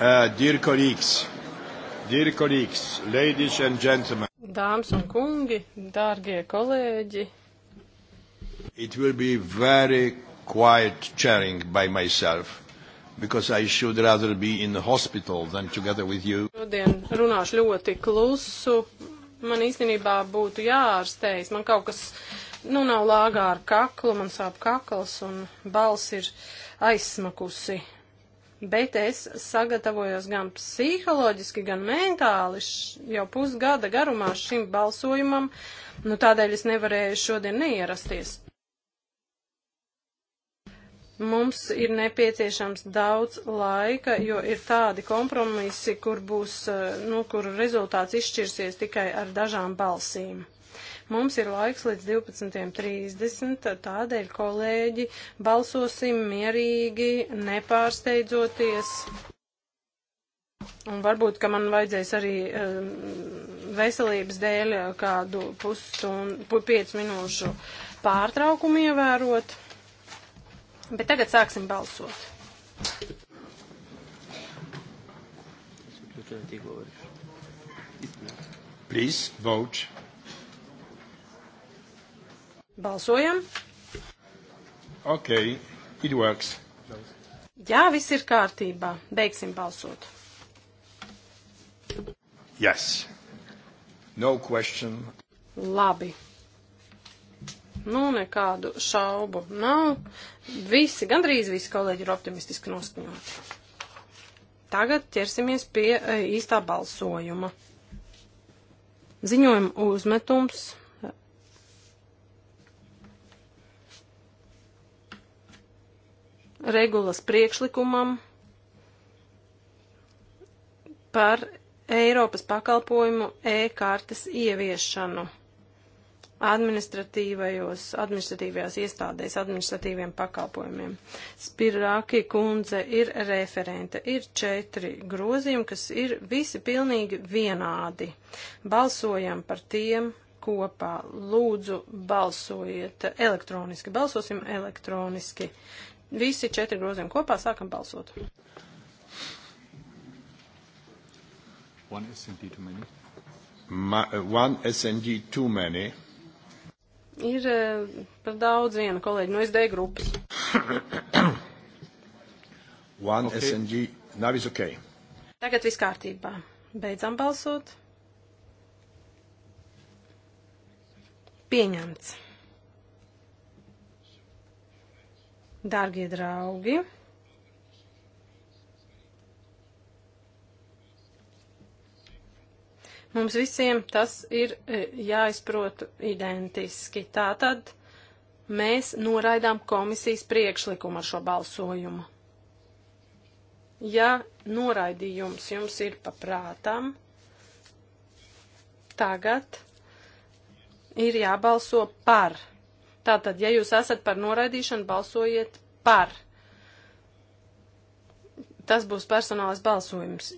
Uh, dear colleagues, dear colleagues, ladies and gentlemen. Dāmas un kungi, dārgie kolēģi. It will be very quiet chairing by myself because I should rather be in the hospital than together with you. Šodien runāšu ļoti klusu. Man īstenībā būtu jāārstējas. Man kaut kas, nu, nav lāgā ar kaklu, man sāp kakls un balss ir aizsmakusi bet es sagatavojos gan psiholoģiski, gan mentāli jau pusgada garumā šim balsojumam, nu tādēļ es nevarēju šodien neierasties. Mums ir nepieciešams daudz laika, jo ir tādi kompromisi, kur būs, eh, nu, kur rezultāts izšķirsies tikai ar dažām balsīm. Mums ir laiks līdz 12.30, tādēļ, kolēģi, balsosim mierīgi, nepārsteidzoties. Un varbūt, ka man vajadzēs arī um, veselības dēļ kādu pusstundu, piecu minūšu pārtraukumu ievērot. Bet tagad sāksim balsot. Please vote. Balsojam. Ok, it works. Jā, viss ir kārtībā. Beigsim balsot. Yes. No question. Labi. Nu, nekādu šaubu nav. Visi, gandrīz visi kolēģi ir optimistiski noskaņoti. Tagad ķersimies pie e, īstā balsojuma. Ziņojuma uzmetums regulas priekšlikumam par Eiropas pakalpojumu e-kartes ieviešanu administratīvajos, administratīvajās iestādēs, administratīviem pakalpojumiem. Spirāki kundze ir referente. Ir četri grozījumi, kas ir visi pilnīgi vienādi. Balsojam par tiem kopā. Lūdzu, balsojiet elektroniski. Balsosim elektroniski. Uh, Visi četri grozījumi kopā sākam balsot. One SND too many. Ma, eh, one SND too many. Ir eh, par daudz viena kolēģi no SD grupas. one okay. SND, nav is ok. Tagad viss kārtībā. Beidzam balsot. Pieņemts. Dārgie draugi, mums visiem tas ir e, jāizprot identiski. Tātad mēs noraidām komisijas priekšlikumu ar šo balsojumu. Ja noraidījums jums ir paprātam, tagad ir jābalso par Tātad, ja jūs esat par noraidīšanu, balsojiet par. Tas būs personāls balsojums.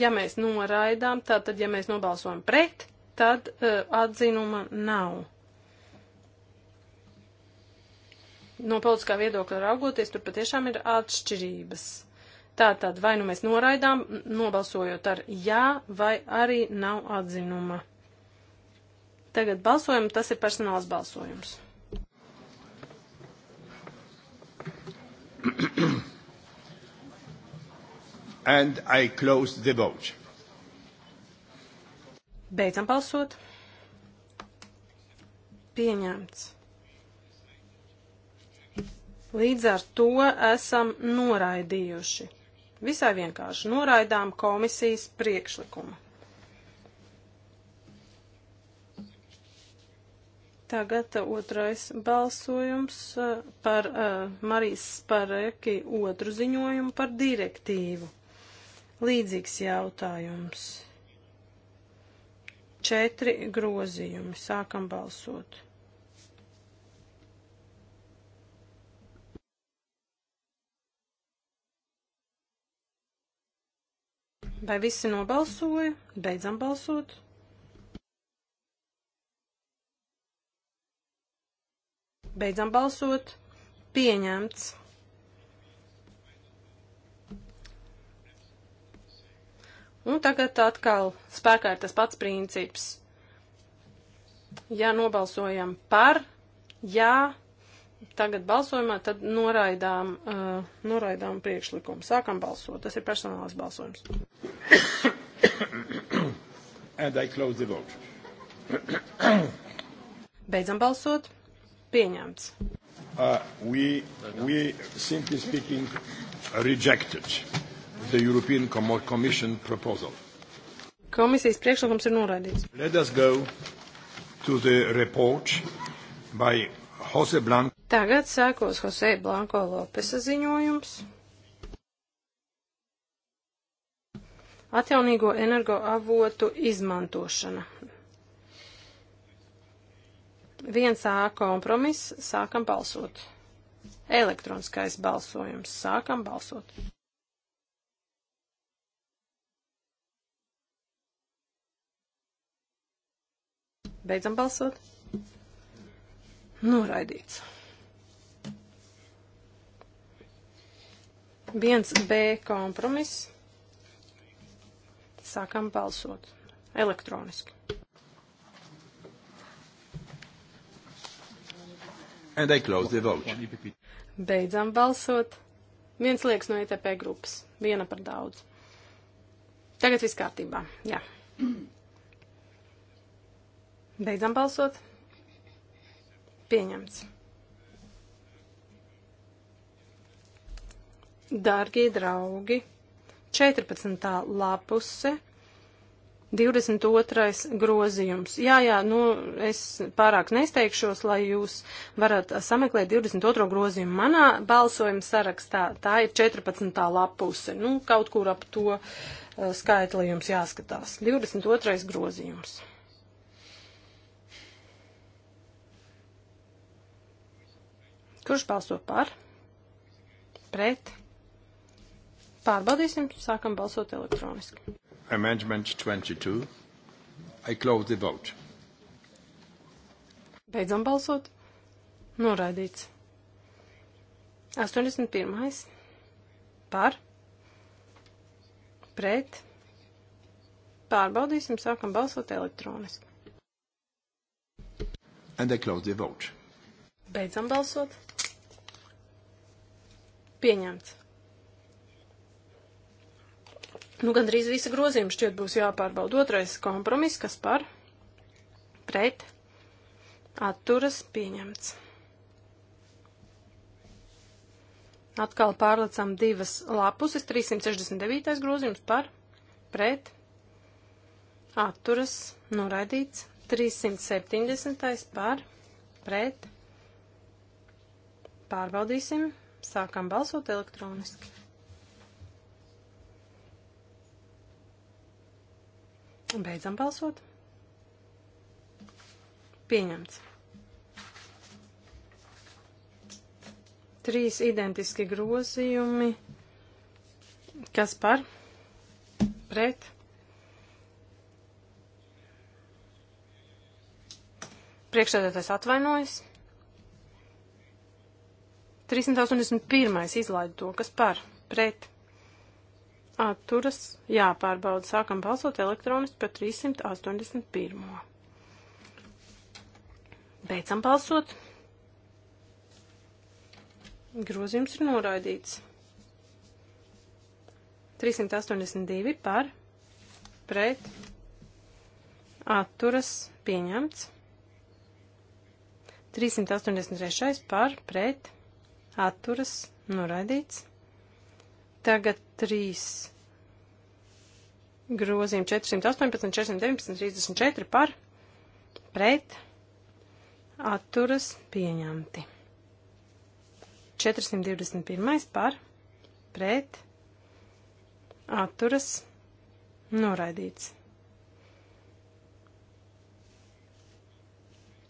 Ja mēs noraidām, tātad, ja mēs nobalsojam pret, tad uh, atzinuma nav. No politiskā viedokļa raugoties, tur patiešām ir atšķirības. Tātad, vai nu mēs noraidām, nobalsojot ar jā, vai arī nav atzinuma. Tagad balsojam, tas ir personāls balsojums. And I close the vote. Beidzam balsot. Pieņemts. Līdz ar to esam noraidījuši. Visai vienkārši noraidām komisijas priekšlikumu. Tagad uh, otrais balsojums uh, par uh, Marijas Spareki otru ziņojumu par direktīvu. Līdzīgs jautājums. Četri grozījumi. Sākam balsot. Vai visi nobalsoja? Beidzam balsot. Beidzam balsot. Pieņemts. Un tagad atkal spēkā ir tas pats princips. Ja nobalsojam par, jā, tagad balsojumā, tad noraidām, uh, noraidām priekšlikumu. Sākam balsot. Tas ir personālais balsojums. And I close the vote. Beidzam balsot pieņemts. Uh, we, we simply speaking rejected the European Commission proposal. Komisijas priekšlikums ir noraidīts. Let us go to the report by Jose Blanco. Tagad sākos Jose Blanco Lopesa ziņojums. Atjaunīgo energoavotu izmantošana. 1A kompromiss, sākam balsot. Elektroniskais balsojums, sākam balsot. Beidzam balsot. Noraidīts. 1B kompromiss. Sākam balsot elektroniski. And I close the vote. Beidzam balsot. Viens liekas no ETP grupas. Viena par daudz. Tagad viss kārtībā. Jā. Beidzam balsot. Pieņemts. Dārgie draugi, 14. lapuse 22. grozījums. Jā, jā, nu, es pārāk nesteigšos, lai jūs varat sameklēt 22. grozījumu manā balsojuma sarakstā. Tā ir 14. lapuse. Nu, kaut kur ap to uh, skaitli jums jāskatās. 22. grozījums. Kurš balso par? Pret? Pārbaudīsim, sākam balsot elektroniski. Amendment 22. I close the vote. Beidzam balsot. Noraidīts. 81. Par. Pret. Pārbaudīsim, sākam balsot elektroniski. And I close the vote. Beidzam balsot. Pieņemts. Nu, gandrīz visi grozījumi šķiet būs jāpārbauda. Otrais kompromiss, kas par pret atturas pieņemts. Atkal pārlecam divas lapuses, 369. grozījums par pret atturas noraidīts, 370. par pret pārbaudīsim, sākam balsot elektroniski. Beidzam balsot. Pieņemts. Trīs identiski grozījumi. Kas par? Pret? Priekšsēdētājs atvainojas. 381. izlaida to, kas par? Pret? atturas jāpārbauda. Sākam balsot elektroniski par 381. Beidzam balsot. Grozījums ir noraidīts. 382 par pret atturas pieņemts. 383 par pret atturas noraidīts. Tagad trīs grozījumi 418, 419, 34 par pret atturas pieņemti. 421 par pret atturas noraidīts.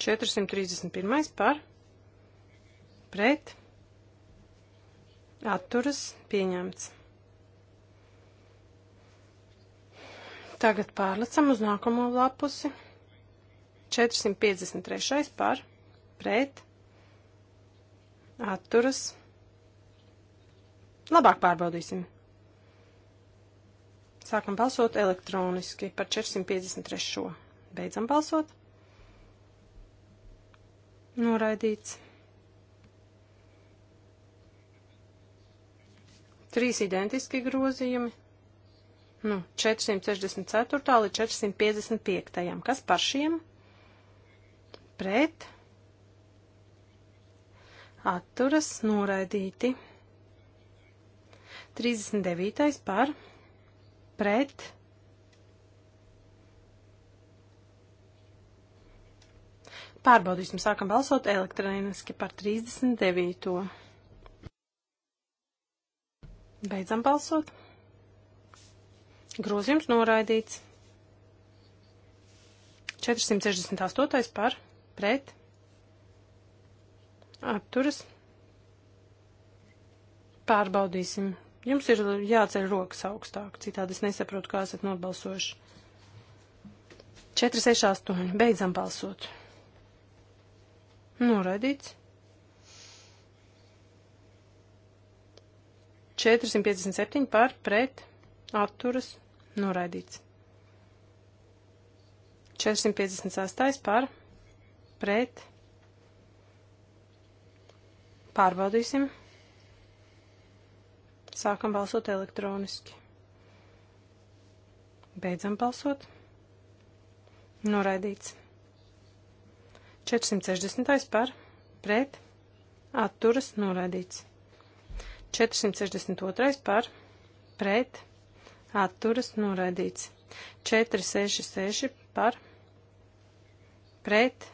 431 par pret atturas pieņemts. Tagad pārlecam uz nākamo lapusi. 453. par pret atturas. Labāk pārbaudīsim. Sākam balsot elektroniski par 453. Beidzam balsot. Noraidīts. Trīs identiski grozījumi. Nu, 464. līdz 455. Kas par šiem? Pret. Atturas noraidīti. 39. par. Pret. Pārbaudīsim, sākam balsot elektroniski par 39. Beidzam balsot. Grozījums noraidīts. 468. par pret apturas. Pārbaudīsim. Jums ir jāceļ rokas augstāk, citādi es nesaprotu, kā esat nobalsojuši. 468. Beidzam balsot. Noraidīts. 457 par pret atturas noraidīts. 458 par pret pārbaudīsim. Sākam balsot elektroniski. Beidzam balsot. Noraidīts. 460 par pret atturas noraidīts. 462 par pret atturas noraidīts. 466 par pret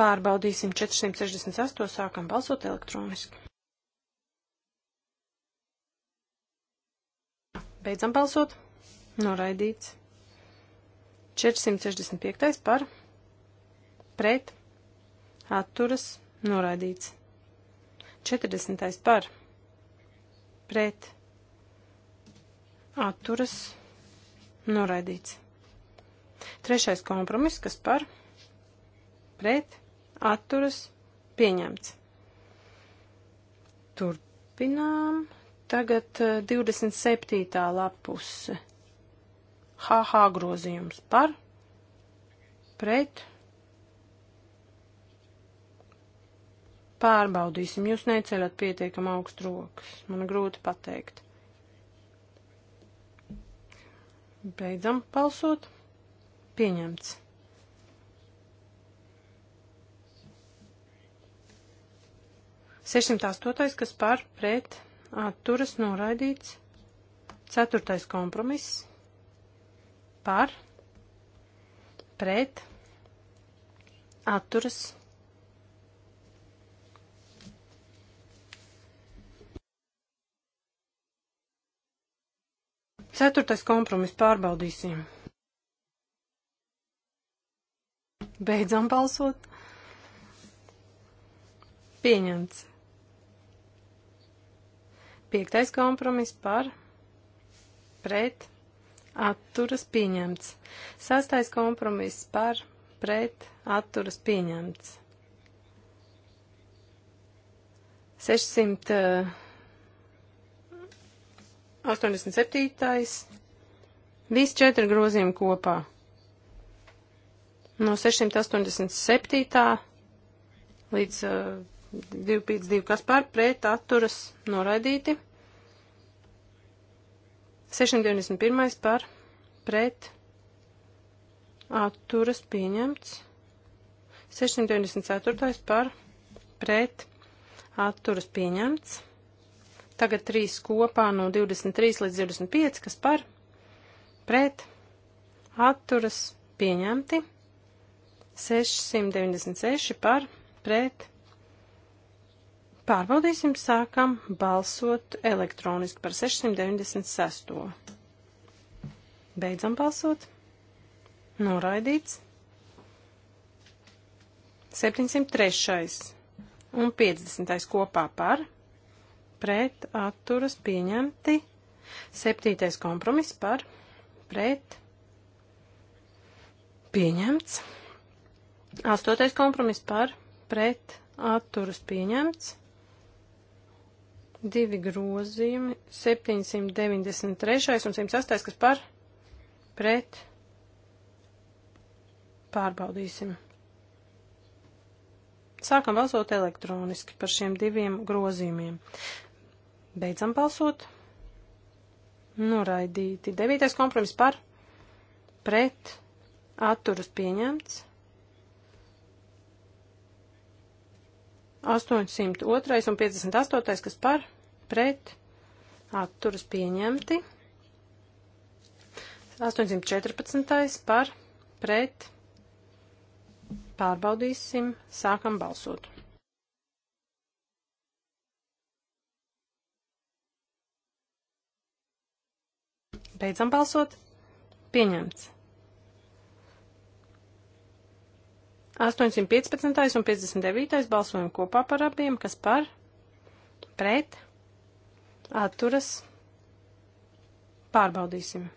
pārbaudīsim 468, sākam balsot elektroniski. Beidzam balsot. Noraidīts. 465 par pret atturas noraidīts. 40. par pret atturas noraidīts. Trešais kompromiss, kas par pret atturas pieņemts. Turpinām. Tagad 27. Eh, lapuse. HH grozījums par pret Pārbaudīsim, jūs neceļat pietiekam augstu rokas. Man grūti pateikt. Beidzam balsot. Pieņemts. Sešsimt astotais, kas par pret atturas noraidīts. Ceturtais kompromiss par pret atturas noraidīts Ceturtais kompromiss pārbaudīsim. Beidzam balsot. Pieņemts. Piektais kompromiss par, pret, atturas pieņemts. Sastais kompromiss par, pret, atturas pieņemts. 600. 87. Visi četri grozījumi kopā. No 687. līdz uh, 252, kas pār pret atturas noraidīti. 691. par pret atturas pieņemts. 694. par pret atturas pieņemts. Tagad trīs kopā no 23 līdz 25, kas par pret atturas pieņemti. 696 par pret. Pārbaudīsim, sākam balsot elektroniski par 696. Beidzam balsot. Noraidīts. 703. un 50. kopā par pret pret atturas pieņemti. Septītais kompromiss par pret pieņemts. Astotais kompromiss par pret atturas pieņemts. Divi grozījumi 793 un 108, kas par pret pārbaudīsim. Sākam balsot elektroniski par šiem diviem grozījumiem. Beidzam balsot. Noraidīti. Devītais kompromiss par pret atturas pieņemts. 802 un 58, kas par pret atturas pieņemti. 814 par pret pārbaudīsim, sākam balsot. Beidzam balsot. Pieņemts. 815. un 59. balsojam kopā par abiem, kas par, pret, atturas, pārbaudīsim.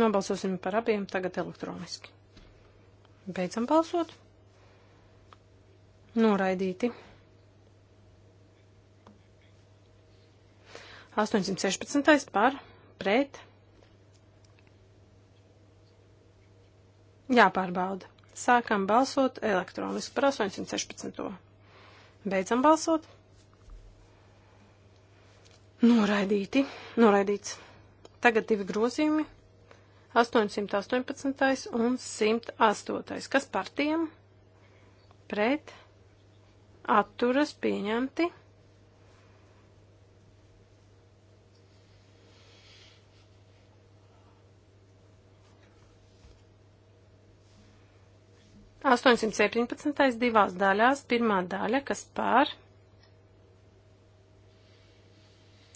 Nobalsosim par abiem tagad elektroniski. Beidzam balsot. Noraidīti. 816. par pret. Jāpārbauda. Sākam balsot elektroniski par 816. Beidzam balsot. Noraidīti. Noraidīts. Tagad divi grozījumi. 818 un 108. Kas par tiem? Pret. Atturas pieņemti. 817. divās daļās, pirmā daļa, kas pār,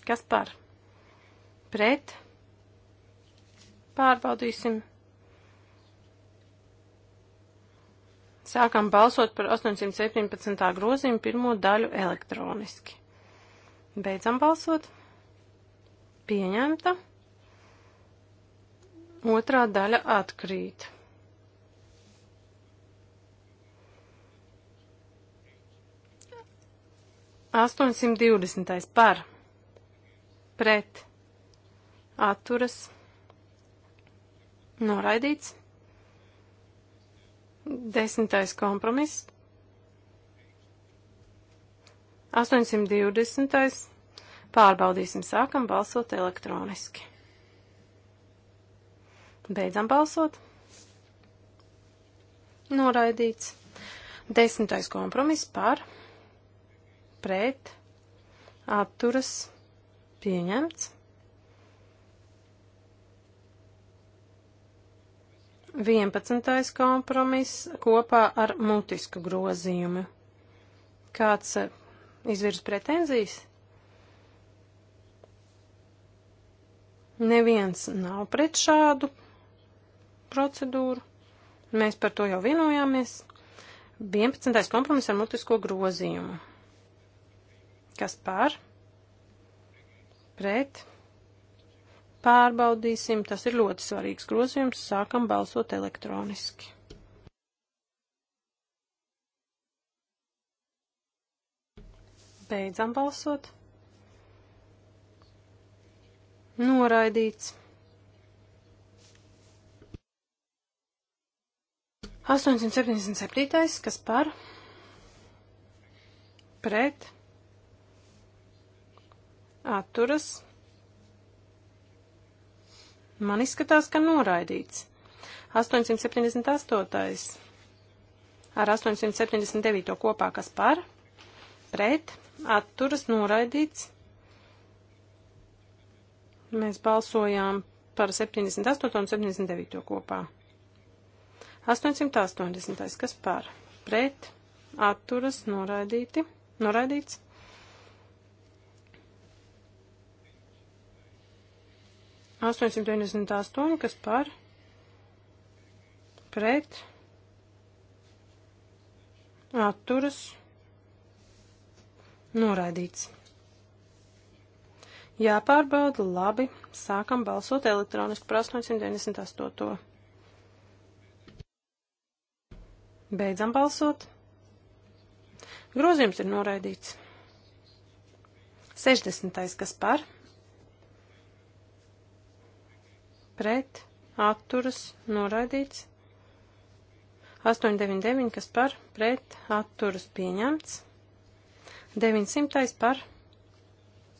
kas pār, pret, pārbaudīsim. Sākam balsot par 817. grozījumu pirmo daļu elektroniski. Beidzam balsot. Pieņemta. Otrā daļa atkrīt. 820. par pret atturas noraidīts. Desmitais kompromiss. 820. Pārbaudīsim, sākam balsot elektroniski. Beidzam balsot. Noraidīts. Desmitais kompromiss par pret pret, atturas, pieņemts. Vienpadsmitais kompromiss kopā ar mutisku grozījumu. Kāds eh, izvirs pretenzijas? Neviens nav pret šādu procedūru. Mēs par to jau vienojāmies. 11. kompromiss ar mutisko grozījumu. Kas par? Pret. Pārbaudīsim, tas ir ļoti svarīgs grozījums, sākam balsot elektroniski. Beidzam balsot. Noraidīts. 877. kas par? Pret atturas. Man izskatās, ka noraidīts. 878. ar 879. kopā, kas par, pret, atturas, noraidīts. Mēs balsojām par 78 un 79 kopā. 880. kas par, pret, atturas, noraidīti, noraidīts. 898, kas par pret atturas noraidīts. Jāpārbauda labi, sākam balsot elektroniski par 898. Beidzam balsot. Grozījums ir noraidīts. 60. kas par? pret, atturas, noraidīts. 899, kas par, pret, atturas, pieņemts. 900 par,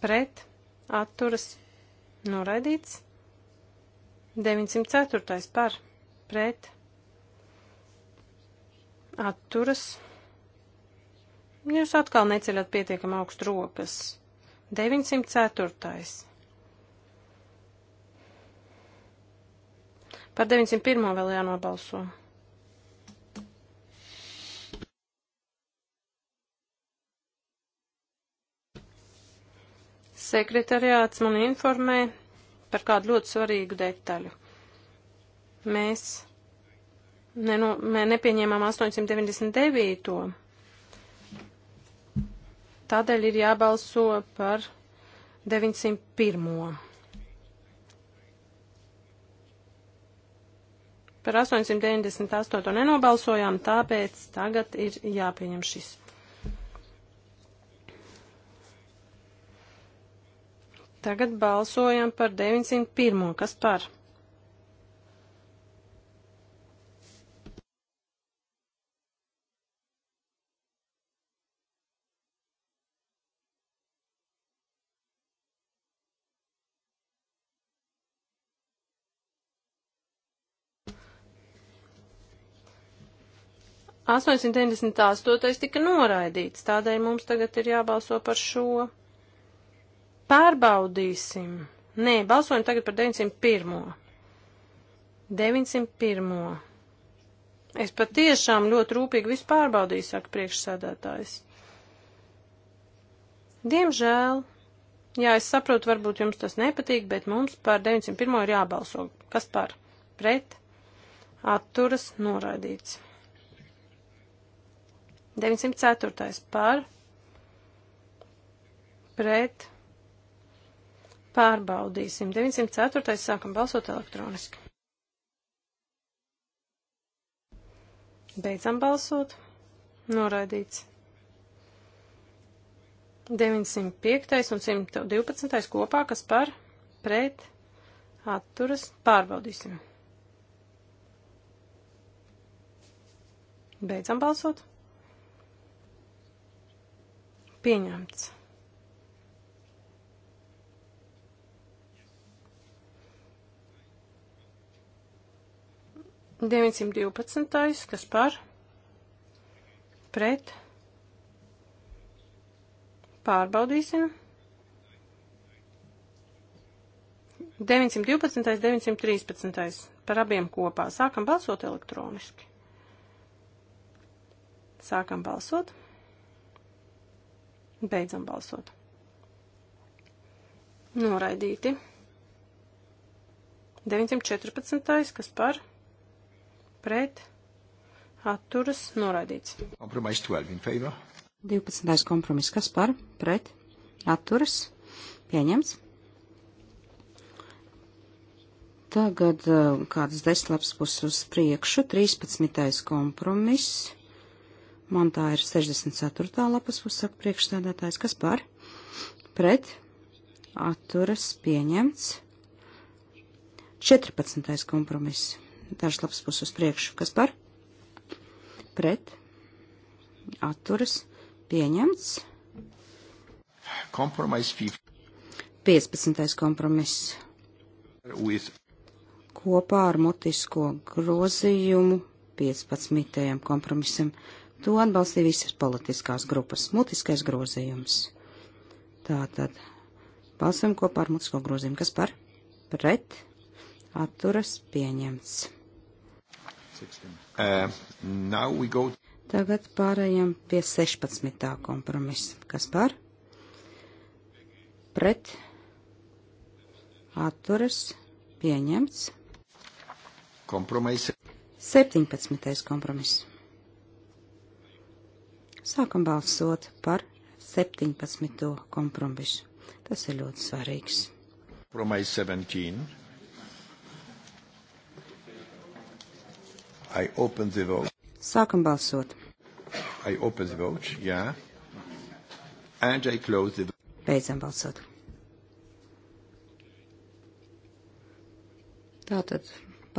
pret, atturas, noraidīts. 904 par, pret, atturas. Jūs atkal neceļat pietiekam augstu rokas. 904. Par 901 vēl jānobalso. Sekretariāts man informē par kādu ļoti svarīgu detaļu. Mēs, ne, nu, mēs nepieņēmām 899. Tādēļ ir jābalso par 901. Par 898 nenobalsojām, tāpēc tagad ir jāpieņem šis. Tagad balsojam par 901. Kas par? 898. tika noraidīts, tādēļ mums tagad ir jābalso par šo. Pārbaudīsim. Nē, balsojam tagad par 901. 901. Es patiešām ļoti rūpīgi visu pārbaudīju, saka priekšsēdētājs. Diemžēl, jā, es saprotu, varbūt jums tas nepatīk, bet mums par 901 ir jābalso. Kas par? Pret? Atturas noraidīts. 904. par pret pārbaudīsim. 904. sākam balsot elektroniski. Beidzam balsot. Noraidīts. 905. un 112. kopā, kas par pret atturas pārbaudīsim. Beidzam balsot. Pieņemts. Deviņsimt divpadsmitais, kas par, pret, pārbaudīsim. 912, 913 par abiem kopā. Sākam balsot elektroniski. Sākam balsot. Beidzam balsot. Noraidīti. 914. kas par pret atturas noraidīts. Kompromiss 12 in favor. 12. kompromiss kas par pret atturas pieņemts. Tagad uh, kādas desmit lapas puses uz priekšu. 13. kompromiss Man tā ir 64. lapas uzsaka priekšstādātājs. Kas par? Pret. Atturas pieņemts. 14. kompromiss. Dažas lapas puses uz priekšu. Kas par? Pret. Atturas pieņemts. Kompromiss 15. kompromiss. With. Kopā ar mutisko grozījumu 15. kompromisam. To atbalstīja visas politiskās grupas. Mutiskais grozījums. Tātad balsam kopā ar mutisko grozījumu. Kas par? Pret. Atturas pieņemts. Uh, go... Tagad pārējām pie 16. kompromisa. Kas par? Pret. Atturas pieņemts. Kompromiss. 17. kompromiss Sākam balsot par 17. kompromisu. Tas ir ļoti svarīgs. Kompromis 17. I open the vote. Sākam balsot. I open the vote, yeah. And I close the vote. Beidzam balsot. Tātad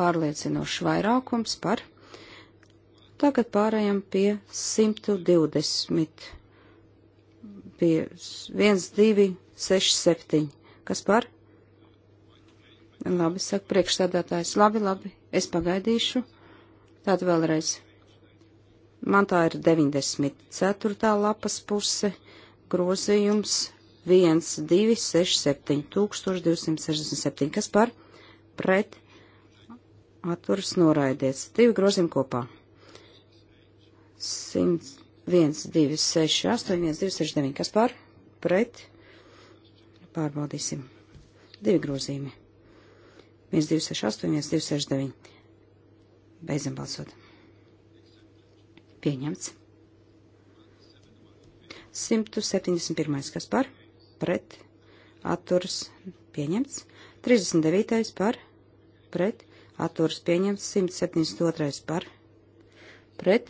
pārliecinošs vairākums par Tagad pārējām pie 120, pie 1, 2, 6, 7. Kas par? Labi, saka priekšstādātājs. Labi, labi, es pagaidīšu. Tad vēlreiz. Man tā ir 94. lapas puse, grozījums 1, 2, 6, 7, 1267. Kas par? Pret. Atturas noraidies. Divi grozījumi kopā. 101, 2, 6, 8, 1, 2, 6, 9. Kas par? Pret. Pārbaudīsim. Divi grozījumi. 1, 2, 6, 8, 1, 2, 6, 9. Beidzam balsot. Pieņemts. 171. kas par? Pret. Atturs pieņemts. 39. par? Pret. Atturs pieņemts. 172. par? Pret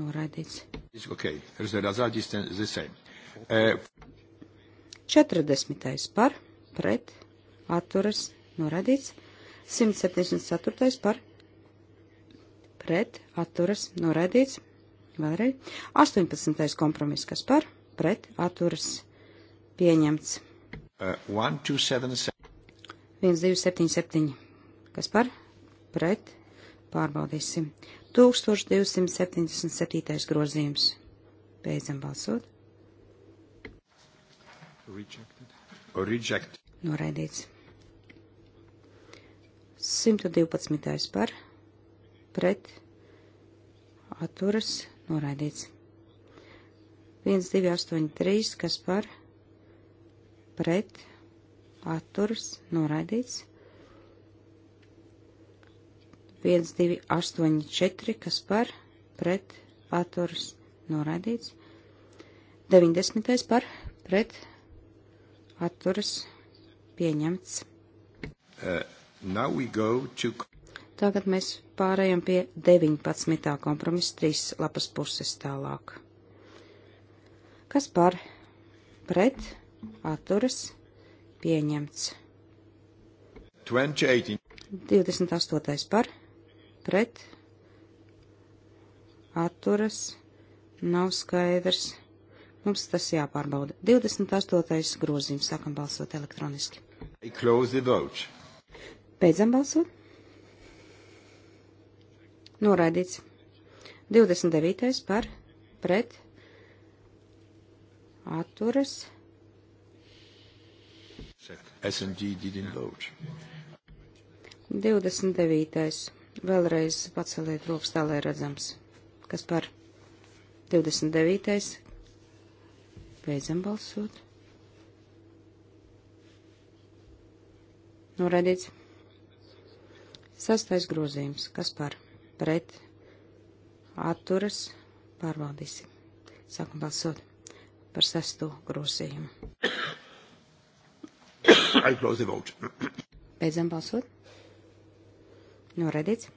Noraidīts. Okay. 40. Eh, par, pret, atturas, noraidīts. 174. par, pret, atturas, noraidīts. Vēlreiz. 18. kompromiss, kas par, pret, atturas, pieņemts. Uh, eh, 1277. Kas par, pret, pārbaudīsim. 1277. grozījums. Beidzam balsot. Rejected. Oh, Reject. Noraidīts. 112. par, pret, atturas, noraidīts. 1, 2, 8, 3, kas par, pret, atturas, noraidīts. 1, 2, 8, 4, kas par pret atturas noraidīts. 90. par pret atturas pieņemts. Uh, to... Tagad mēs pārējām pie 19. kompromisa trīs lapas puses tālāk. Kas par pret atturas pieņemts? 28. par pret atturas nav skaidrs. Mums tas jāpārbauda. 28. grozījums. Sākam balsot elektroniski. Beidzam balsot. Noraidīts. 29. par pret atturas. S&D didn't vote. 29. Vēlreiz paceliet rokas tā, lai redzams, kas par 29. Beidzam balsot. Noraidīts. Sastais grozījums. Kas par? Pret. Atturas. Pārvaldīsim. Sākam balsot par sesto grozījumu. I close the vote. Beidzam balsot. Noredīts.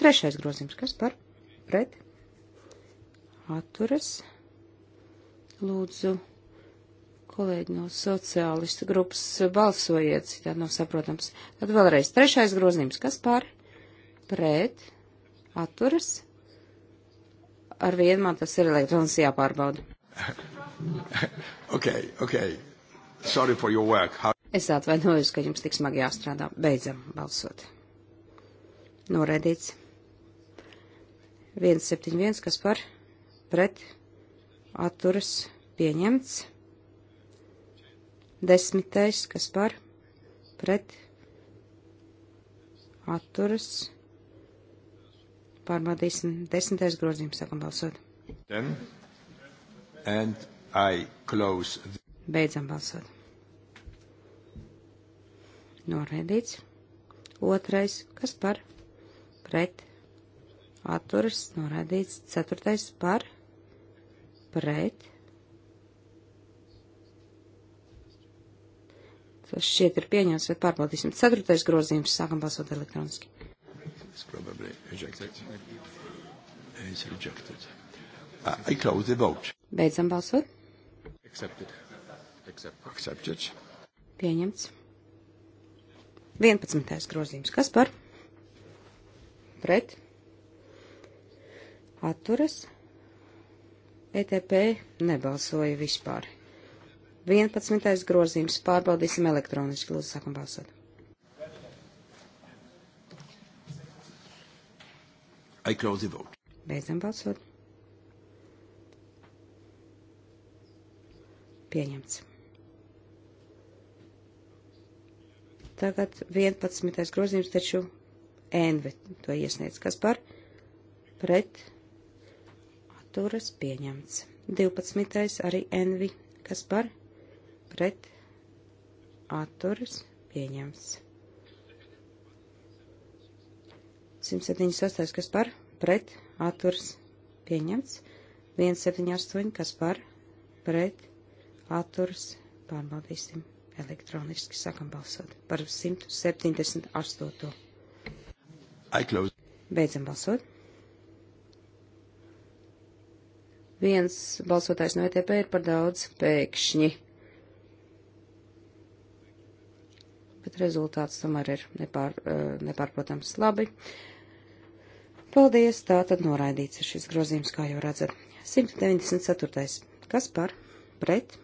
Trešais grozījums. Kas par? Pret. Atturas. Lūdzu, kolēģi no sociālistu grupas balsojiet, citādi nav saprotams. Tad vēlreiz trešais grozījums. Kas par? Pret. Atturas. Ar vienu man tas ir elektronis jāpārbauda. okay, okay. Sorry for your work. How... Es atvainojos, ka jums tik smagi jāstrādā. Beidzam balsot noraidīts. 171, kas par pret atturas pieņemts. Desmitais, kas par pret atturas pārbaudīsim. Desmitais grozījums, sākam balsot. Then, and I close. The... Beidzam balsot. Noraidīts. Otrais, kas par pret pret atturas norādīts. Ceturtais par pret. Tas šķiet ir pieņemts, bet pārbaudīsim. Ceturtais grozījums. Sākam balsot elektroniski. It's probably rejected. It's rejected. Uh, I close the vote. Beidzam balsot. Accepted. Accepted. Accepted. Pieņemts. 11. grozījums. Kas par? pret atturas. ETP nebalsoja vispār. 11. grozījums. Pārbaudīsim elektroniski. Lūdzu, sākam balsot. I close the vote. Beidzam balsot. Pieņemts. Tagad 11. grozījums, taču Envi to iesniedz, kas par pret atturas pieņemts. 12. arī Envi, kas par pret atturas pieņemts. 178, kas par pret atturas pieņemts. 178, kas par pret atturas pārbaudīsim elektroniski, sākam balsot par 178. Beidzam balsot. Viens balsotājs no ETP ir par daudz pēkšņi. Bet rezultāts tomēr ir nepār, eh, nepārprotams labi. Paldies, tā tad noraidīts ir šis grozījums, kā jau redzat. 194. Kas par? Pret?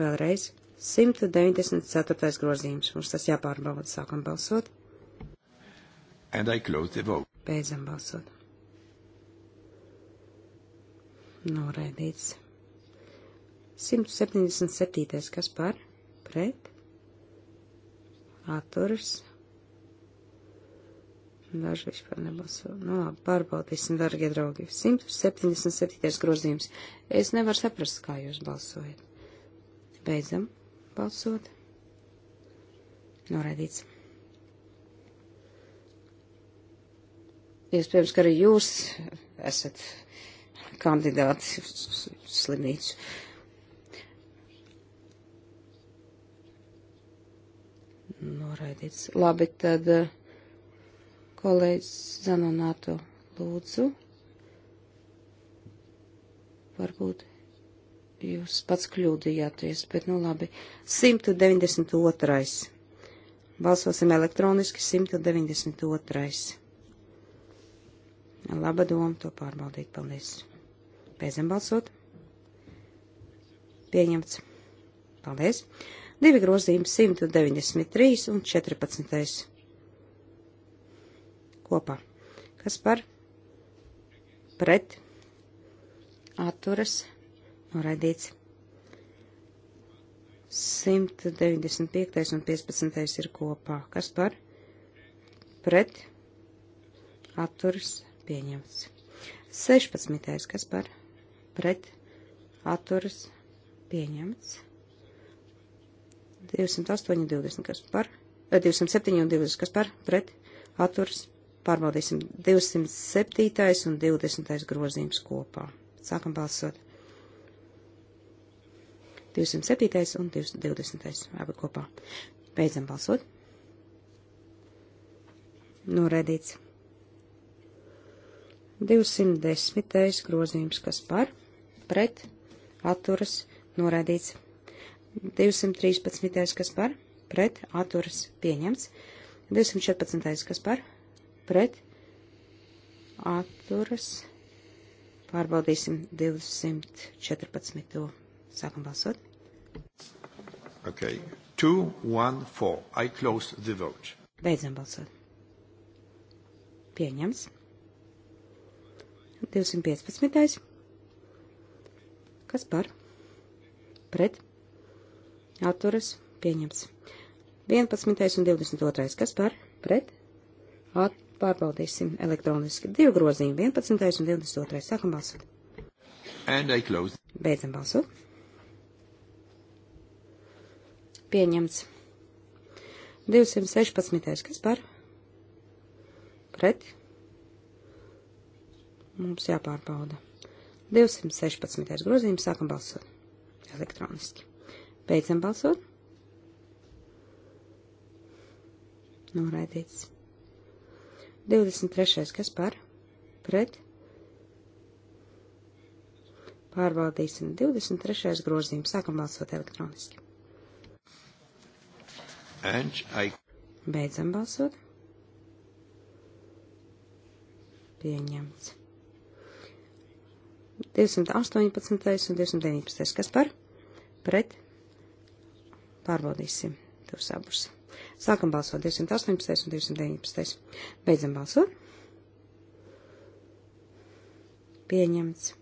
Vēlreiz. 194. grozījums. Mums tas jāpārbauda. Sākam balsot. And I close the vote. Beidzam balsot. Noraidīts. 177. kas par? Pret? Atturas. Daži vispār nebalso. Nu labi, pārbaudīsim, darbie draugi. 177. grozījums. Es nevaru saprast, kā jūs balsojat. Beidzam balsot. Noraidīts. Iespējams, ka arī jūs esat kandidāti uz slimnīcu. Noraidīts. Labi, tad eh, kolēģis Zanonāto lūdzu. Varbūt jūs pats kļūdījāties, bet nu labi. 192. Balsosim elektroniski 192. Laba doma to pārbaudīt. Paldies. Beidzam balsot. Pieņemts. Paldies. Divi grozījumi 193 un 14. Kopā. Kas par? Pret. Atturas. Noraidīts. 195. un 15. ir kopā. Kas par? Pret. Atturas pieņemts. 16. kas par pret atturas pieņemts. 208, 20, kas par, 207 eh, un 20, kas par pret atturas pārbaudīsim 207 un 20 grozījums kopā. Sākam balsot. 207 un 20. abi kopā. Beidzam balsot. Noredīts. Nu, 210. grozījums, kas par, pret, atturas, noraidīts. 213. kas par, pret, atturas, pieņemts. 214. kas par, pret, atturas, pārbaudīsim 214. Sākam balsot. Okay. 214. I close the vote. Beidzam balsot. Pieņems. 215. Kas par? Pret. Atturas. Pieņemts. 11. un 22. Kas par? Pret. At, pārbaudīsim elektroniski. Divi grozījumi. 11. un 22. Sākam balsot. Beidzam balsot. Pieņemts. 216. Kas par? Pret. Mums jāpārbauda. 216. grozījums sākam balsot elektroniski. Beidzam balsot. Noraidīts. 23. kas par? Pret. Pārbaudīsim 23. grozījumu. Sākam balsot elektroniski. I... Beidzam balsot. Pieņemts. 218. un 219. Kas par? Pret. Pārbaudīsim tos abus. Sākam balsot 218. un 219. Beidzam balsot. Pieņemts.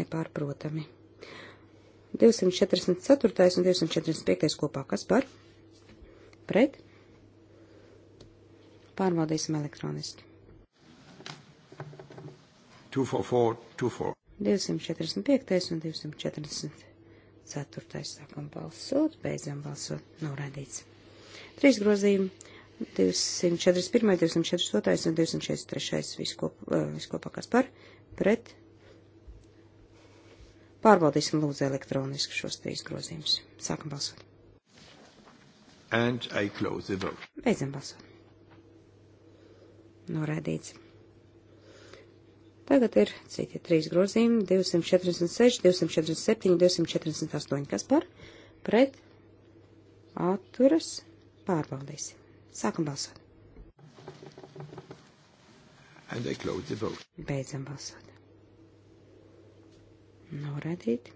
Nepārprotami. 244. un 245. kopā. Kas par? Pret. Pārbaudīsim elektroniski. 244, 24. 245 un 244. Sākam balsot, beidzam balsot, norādīts. Trīs grozījumi. 241, 242 un 243 viskop, eh, viskopā kas par, pret. Pārbaudīsim lūdzu elektroniski šos trīs grozījumus. Sākam balsot. And I close the vote. Beidzam balsot. Norādīts. Tagad ir citi trīs grozījumi - 246, 247, 248. Kas par? Pret atturas pārbaudīsim. Sākam balsot. Beidzam balsot. Norādīt.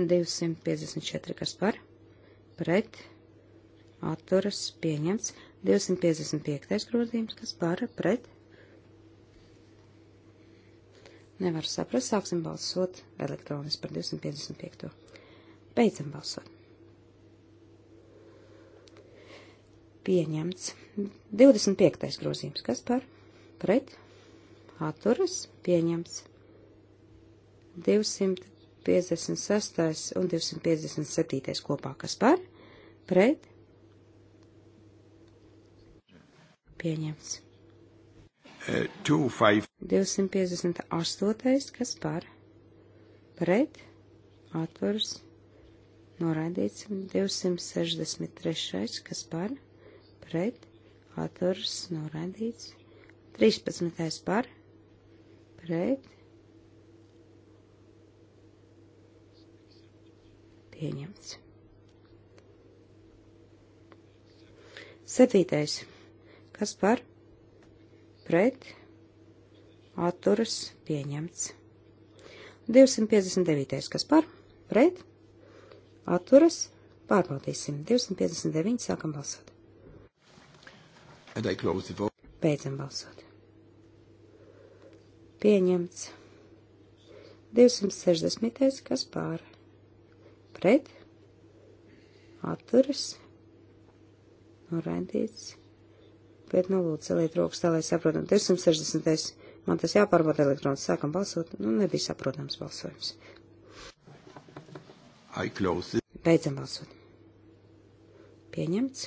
254 kas par, pret, atturas, pieņemts, 255. grozījums, kas par pret. Nevar saprast, sāksim balsot elektronis par 255. Beidzam balsot. Pieņemts. 25. grozījums, kas par pret. Atturas pieņemts. 256. un 257. kopā, kas par pret pieņemts. 258. Eh, kas par pret atturas noraidīts. 263. kas par pret atturas noraidīts. 13. par pret pieņemts. Septītais Kas par? Pret. Atturas pieņemts. 259. Kas par? Pret. Atturas. Pārbaudīsim. 259. Sākam balsot. Beidzam balsot. Pieņemts. 260. Kas pār? Pret. Atturas. Noraidīts. Bet, nu, lūdzu, celiet rokas tā, lai saprotam. 360. Man tas jāpārbauda elektrons. Sākam balsot. Nu, nebija saprotams balsojums. Beidzam balsot. Pieņemts.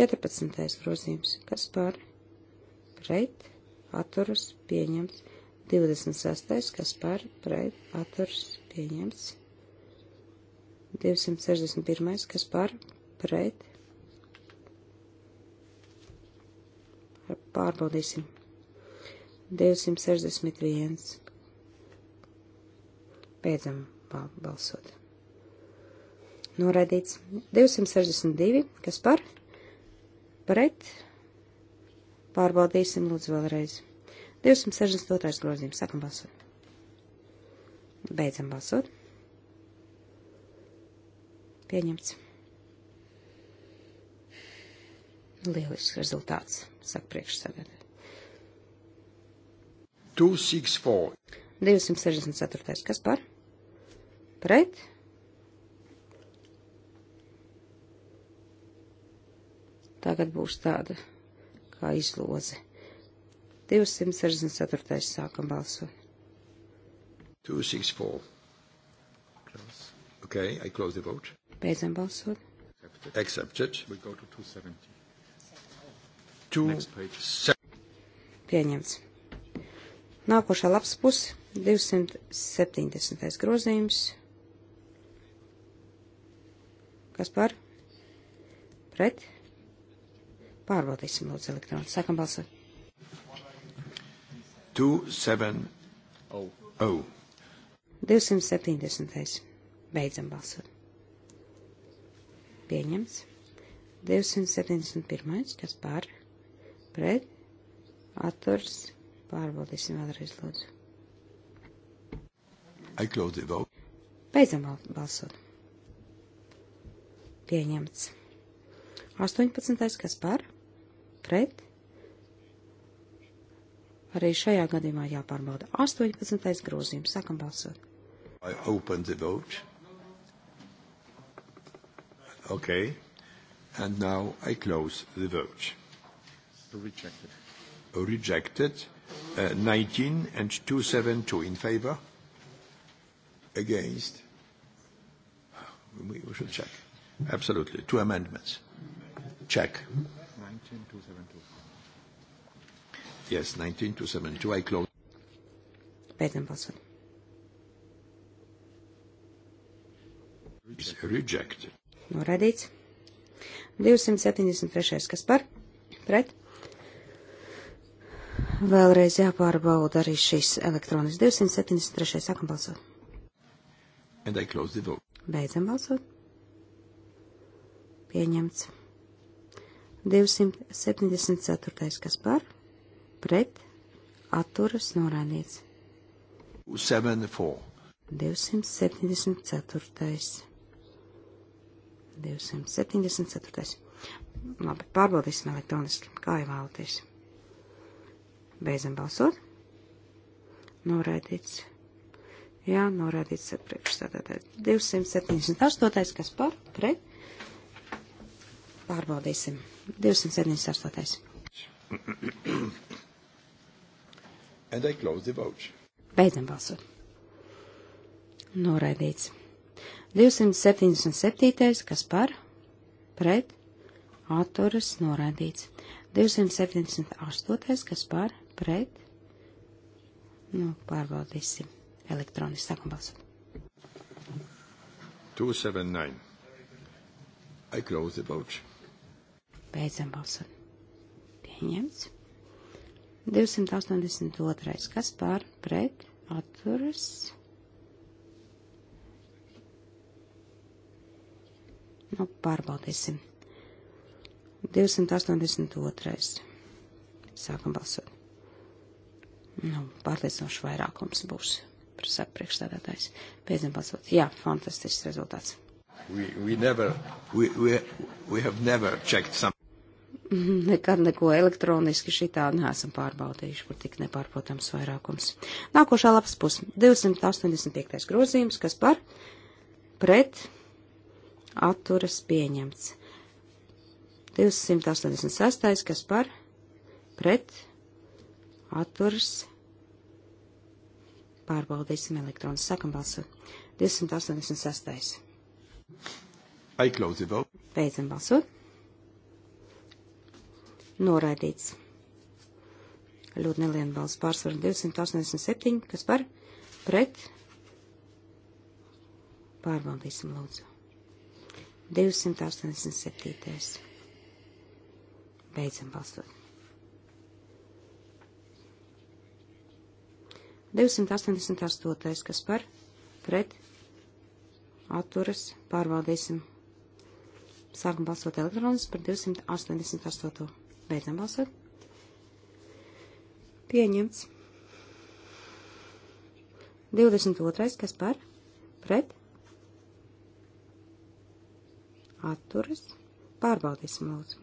14. grozījums. Kas par? Pret. Atturas. Pieņemts. 26. Kas par? Pret. Atturas. Pieņemts. 261. Kas par? Pret Pārbaudīsim. 261. Beidzam balsot. Noraidīts. 262. Kas par? Pret. Pārbaudīsim lūdzu vēlreiz. 262. grozījums. Sākam balsot. Beidzam balsot. Pieņemts. Lielisks rezultāts saka priekšsēdētāji. 264. 264. Kas par? Pret? Tagad būs tāda kā izloze. 264. sākam balsot. 264. Okay, I close the vote. Beidzam balsot. Accepted. Accepted. We go to 270. Pieņemts. Nākošā lapas puse - 270. grozījums. Kas par? Pret? Pārbaudīsim lūdzu elektronu. Sākam balsot. 270. 270. Beidzam balsot. Pieņemts. 271. Kas par? pret, atturs, pārbaudīsim vēlreiz, lūdzu. I close the vote. Beidzam balsot. Pieņemts. 18. kas par? Pret? Arī šajā gadījumā jāpārbauda. 18. grozījums. Sākam balsot. I open the vote. Okay. And now I close the vote. Rejected. Rejected. Uh, 19 and 272 in favor? Against? We, we should check. Absolutely. Two amendments. Check. 19, 272. Yes, 19, 272. I close. Beidzam balsot. Is rejected. Noraidīts. 273. Kas par? Pret? Vēlreiz jāpārbauda arī šis elektronis 273. Sākam balsot. Beidzam balsot. Pieņemts. 274. kas par, pret, atturas norādīts. 274. 274. Labi, pārbaudīsim elektroniski, kā jau vēlaties. Beidzam balsot. Noraidīts. Jā, noraidīts priekšstādātājs. 278. kas par? Pret? Pārbaudīsim. 278. And I close the vote. Beidzam balsot. Noraidīts. 277. kas par? Pret? Atturas noraidīts. 278. kas par? pret. Nu, pārbaudīsim elektroniski. Sākam balsot. 279. I close the vote. Beidzam balsot. Pieņemts. 282. Kas pār pret atturas? Nu, pārbaudīsim. 282. Sākam balsot. Nu, pārliecinoši vairākums būs, saka priekšstādātājs. Pēc tam balsot. Jā, fantastisks rezultāts. We, we never, we, we, we have never checked some. Nekad neko elektroniski šitā neesam pārbaudījuši, kur tik nepārprotams vairākums. Nākošā lapas puse - 285. grozījums, kas par pret atturas pieņemts. 286. kas par pret atturas. Pārbaudīsim elektronis. Sākam balsot. 286. Aiklausībā. Beidzam balsot. Noraidīts. Ļoti neliela balss pārsvara 287, kas par pret. Pārbaudīsim lūdzu. 287. Beidzam balsot. 288. kas par pret atturas pārvaldīsim. Sākam balsot elektronis par 288. Beidzam balsot. Pieņemts. 22. kas par pret atturas pārbaudīsim lūdzu.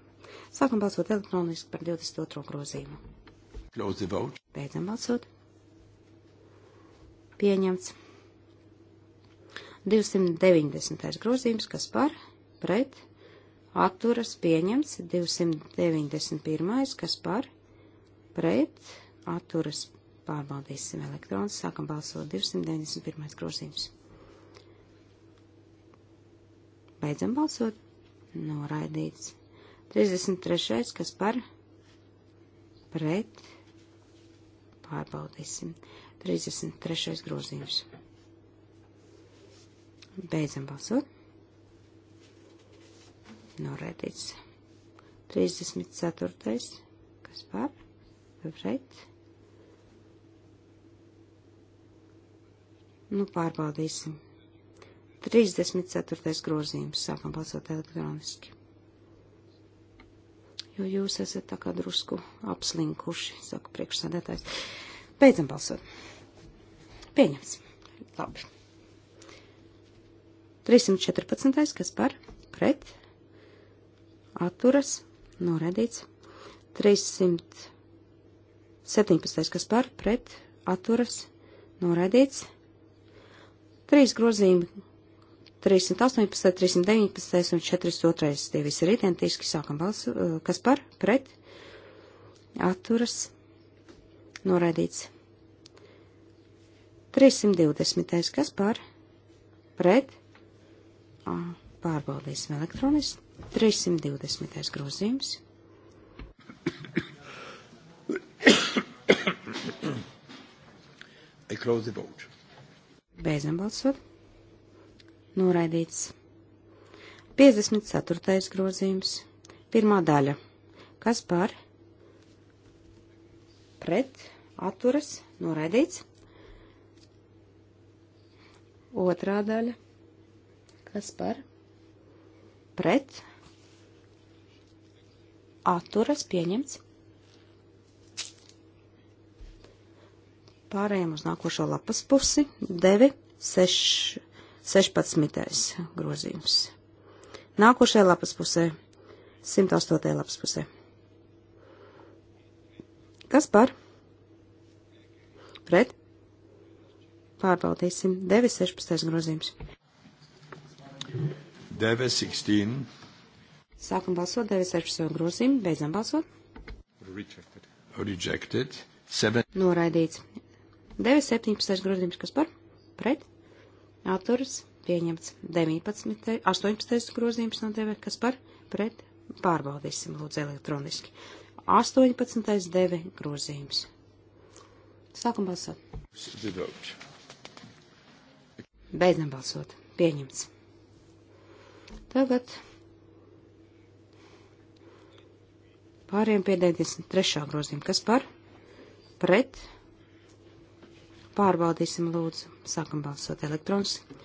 Sākam balsot elektroniski par 22. grozījumu. Beidzam balsot pieņemts. 290. grozījums, kas par, pret, atturas pieņemts. 291. kas par, pret, atturas pārbaudīsim elektronu. Sākam balsot 291. grozījums. Beidzam balsot. Noraidīts. 33. kas par, pret, pārbaudīsim. 33. grozījums. Beidzam balsot. Norēdīts. 34. Kas par? Pret. Nu, pārbaudīsim. 34. grozījums. Sākam balsot elektroniski. Jo jūs esat tā kā drusku apslinkuši, saka priekšsādētājs. Beidzam balsot. Pieņems. Labi. 314. kas par pret atturas noredīts. 317. kas par pret atturas noredīts. 3 grozījumi 318, 319 un 42. Tie visi ir identiski. Sākam balsu. Eh, kas par? Pret. Atturas. Noraidīts. 320. Kas par? Pret? Pārbaudīsim elektroniski. 320. grozījums. I close the vote. Beidzam balsot. Noraidīts. 54. grozījums. Pirmā daļa. Kas par? pret, atturas, noraidīts. Otrā daļa, kas par pret, atturas, pieņemts. Pārējām uz nākošo lapas pusi. 9, 6, 16. grozījums. Nākošajā lapas pusē, 108. lapas pusē. Kas par? Pret? Pārbaudīsim. 9.16. grozījums. 9.16. Sākam balsot 9.16. grozījumu, beidzam balsot. Rejected. Rejected. Seven. Noraidīts. 9.17. grozījums, kas par? Pret? Atturas. Pieņemts. 19. 18. grozījums no 9. kas par? Pret? Pārbaudīsim, lūdzu, elektroniski. 18. deve grozījums. Sākam balsot. Beidzam balsot. Pieņemts. Tagad pāriem pie 93. grozījuma. Kas par? Pret. Pārbaudīsim lūdzu. Sākam balsot elektroniski.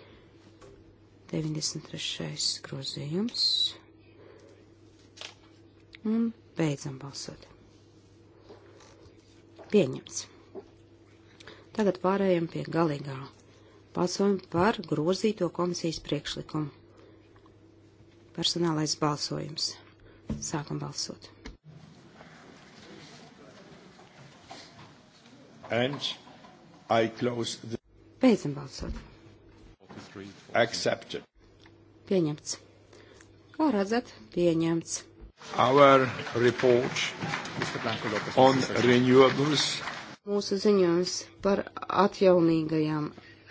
93. grozījums. Un Beidzam balsot. Pieņemts. Tagad pārējiem pie galīgā balsojuma par grozīto komisijas priekšlikumu. Personālais balsojums. Sākam balsot. The... Beidzam balsot. Accepted. Pieņemts. Kā redzat, pieņemts. Our report on renewables. Mūsu ziņojums par atjaunīgajām,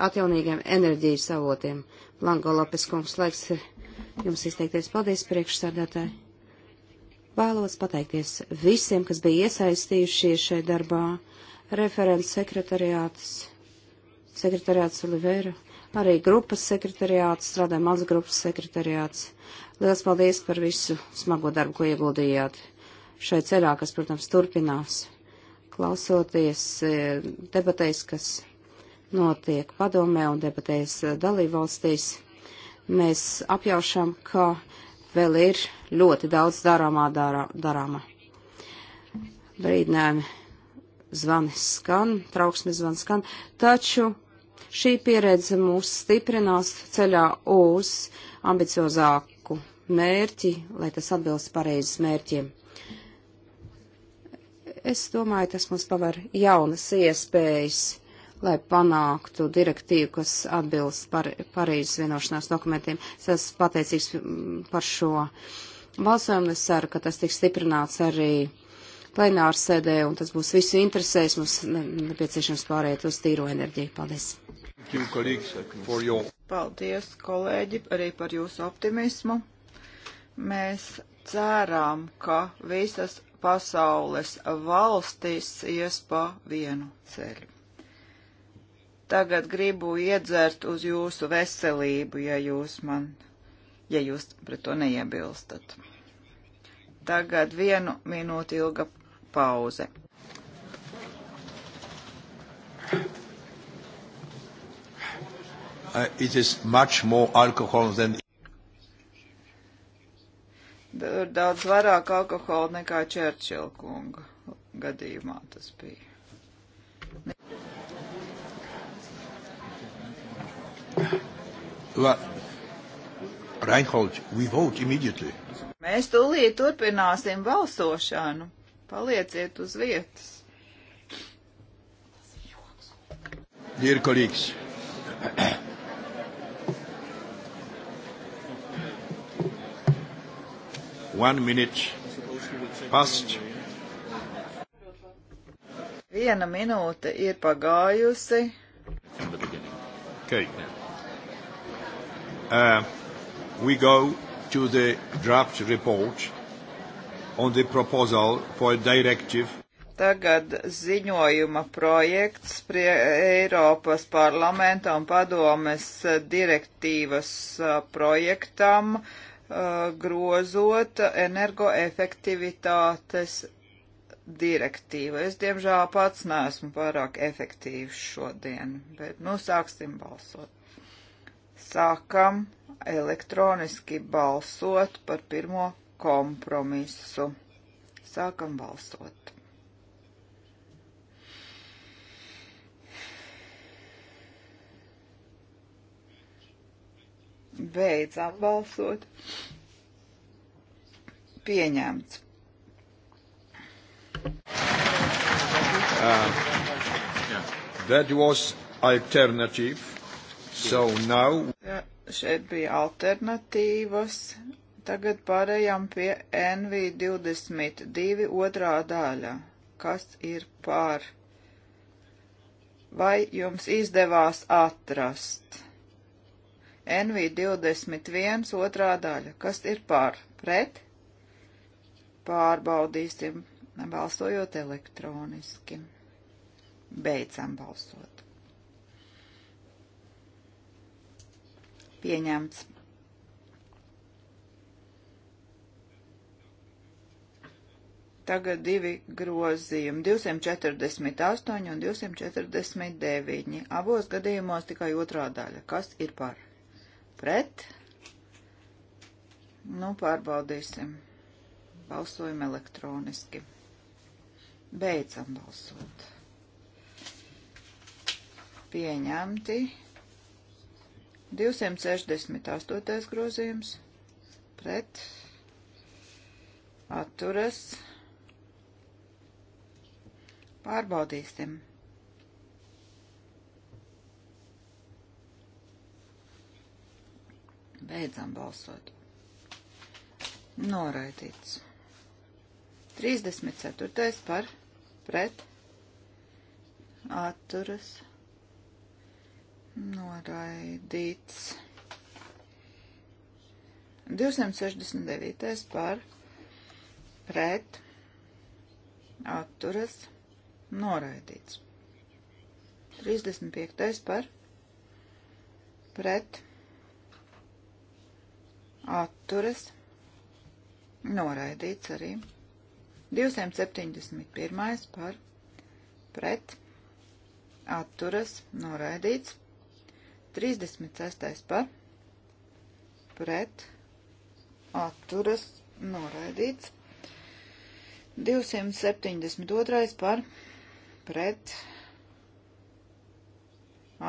atjaunīgajām enerģijas avotiem. Blanko Lopes kungs, laiks ir jums izteikties. Paldies, priekšsādātāji. Vēlos pateikties visiem, kas bija iesaistījušies šai darbā. Referents sekretariāts, sekretariāts Olivera Arī grupas sekretariāts, strādā mans grupas sekretariāts. Lielas paldies par visu smago darbu, ko ieguldījāt šai ceļā, kas, protams, turpinās. Klausoties e, debatēs, kas notiek padomē un debatēs e, dalībvalstīs, mēs apjaušam, ka vēl ir ļoti daudz darāmā darā, darāma. Brīdinājumi zvani skan, trauksmes zvani skan, taču Šī pieredze mūs stiprinās ceļā uz ambiciozāku mērķi, lai tas atbilst pareizes mērķiem. Es domāju, tas mums paver jaunas iespējas, lai panāktu direktīvu, kas atbilst par, Parīzes vienošanās dokumentiem. Es esmu pateicīgs mm, par šo balsojumu. Es ceru, ka tas tiks stiprināts arī plenāru sēdē, un tas būs visu interesēs. Mums nepieciešams pārēt uz tīro enerģiju. Paldies! Paldies, kolēģi, arī par jūsu optimismu. Mēs cerām, ka visas pasaules valstis ies pa vienu ceļu. Tagad gribu iedzert uz jūsu veselību, ja jūs man, ja jūs pret to neiebilstat. Tagad vienu minūti ilga pauze. Thank you uh, it is much more alcohol than Ir daudz vairāk alkohola nekā Čērčila kunga gadījumā tas bija. Well, Reinhold, we vote immediately. Mēs tūlīt turpināsim balsošanu. Palieciet uz vietas. Dear colleagues, One minute past. Viena minūte ir pagājusi. Okay. Uh, we go to the draft report on the proposal for a directive. Tagad ziņojuma projekts pie Eiropas parlamenta un padomes direktīvas uh, projektam uh, Uh, grozot energoefektivitātes direktīvu. Es, diemžēl, pats neesmu pārāk efektīvs šodien, bet, nu, sāksim balsot. Sākam elektroniski balsot par pirmo kompromisu. Sākam balsot. Beidzam balsot. Pieņemts. Uh, that was alternative. So now... Ja, šeit bija alternatīvas. Tagad pārējām pie NV22 otrā daļa. Kas ir pār? Vai jums izdevās atrast? NV21 otrā daļa. Kas ir par? Pret? Pārbaudīsim, balsojot elektroniski. Beidzam balsot. Pieņemts. Tagad divi grozījumi - 248 un 249. Abos gadījumos tikai otrā daļa. Kas ir par? pret. Nu, pārbaudīsim. Balsojam elektroniski. Beidzam balsot. Pieņemti. 268. grozījums pret atturas pārbaudīsim. Beidzam balsot. Noraidīts. 34. par pret atturas noraidīts. 269. par pret atturas noraidīts. 35. par pret atturas atturas noraidīts arī 271. par pret atturas noraidīts 36. par pret atturas noraidīts 272. par pret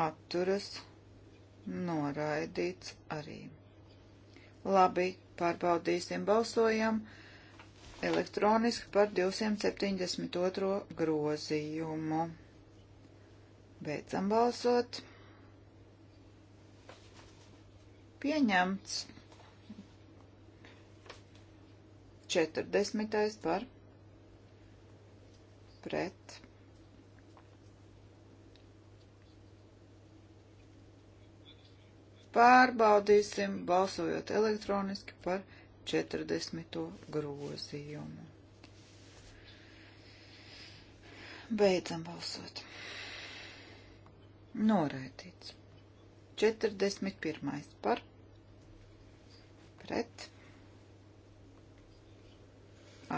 atturas noraidīts arī. Labi, pārbaudīsim, balsojam elektroniski par 272. grozījumu. Beidzam balsot. Pieņemts 40. par pret Pārbaudīsim, balsojot elektroniski par 40. grozījumu. Beidzam balsot. Noraidīts. 41. par pret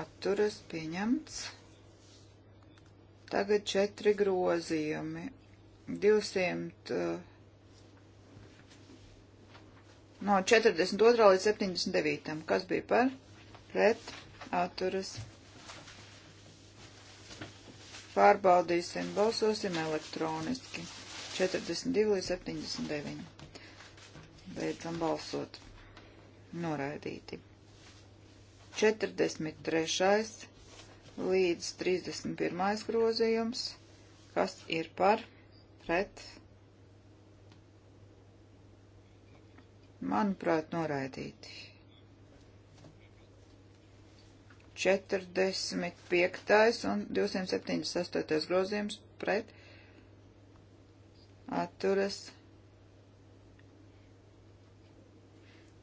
atturas pieņemts. Tagad četri grozījumi. 200. Uh, no 42. līdz 79. Kas bija par? Pret atturas. Pārbaudīsim, balsosim elektroniski. 42 līdz 79. Beidzam balsot. Noraidīti. 43. līdz 31. grozījums. Kas ir par? Pret atturas manuprāt, noraidīti. 45. un 278. grozījums pret atturas.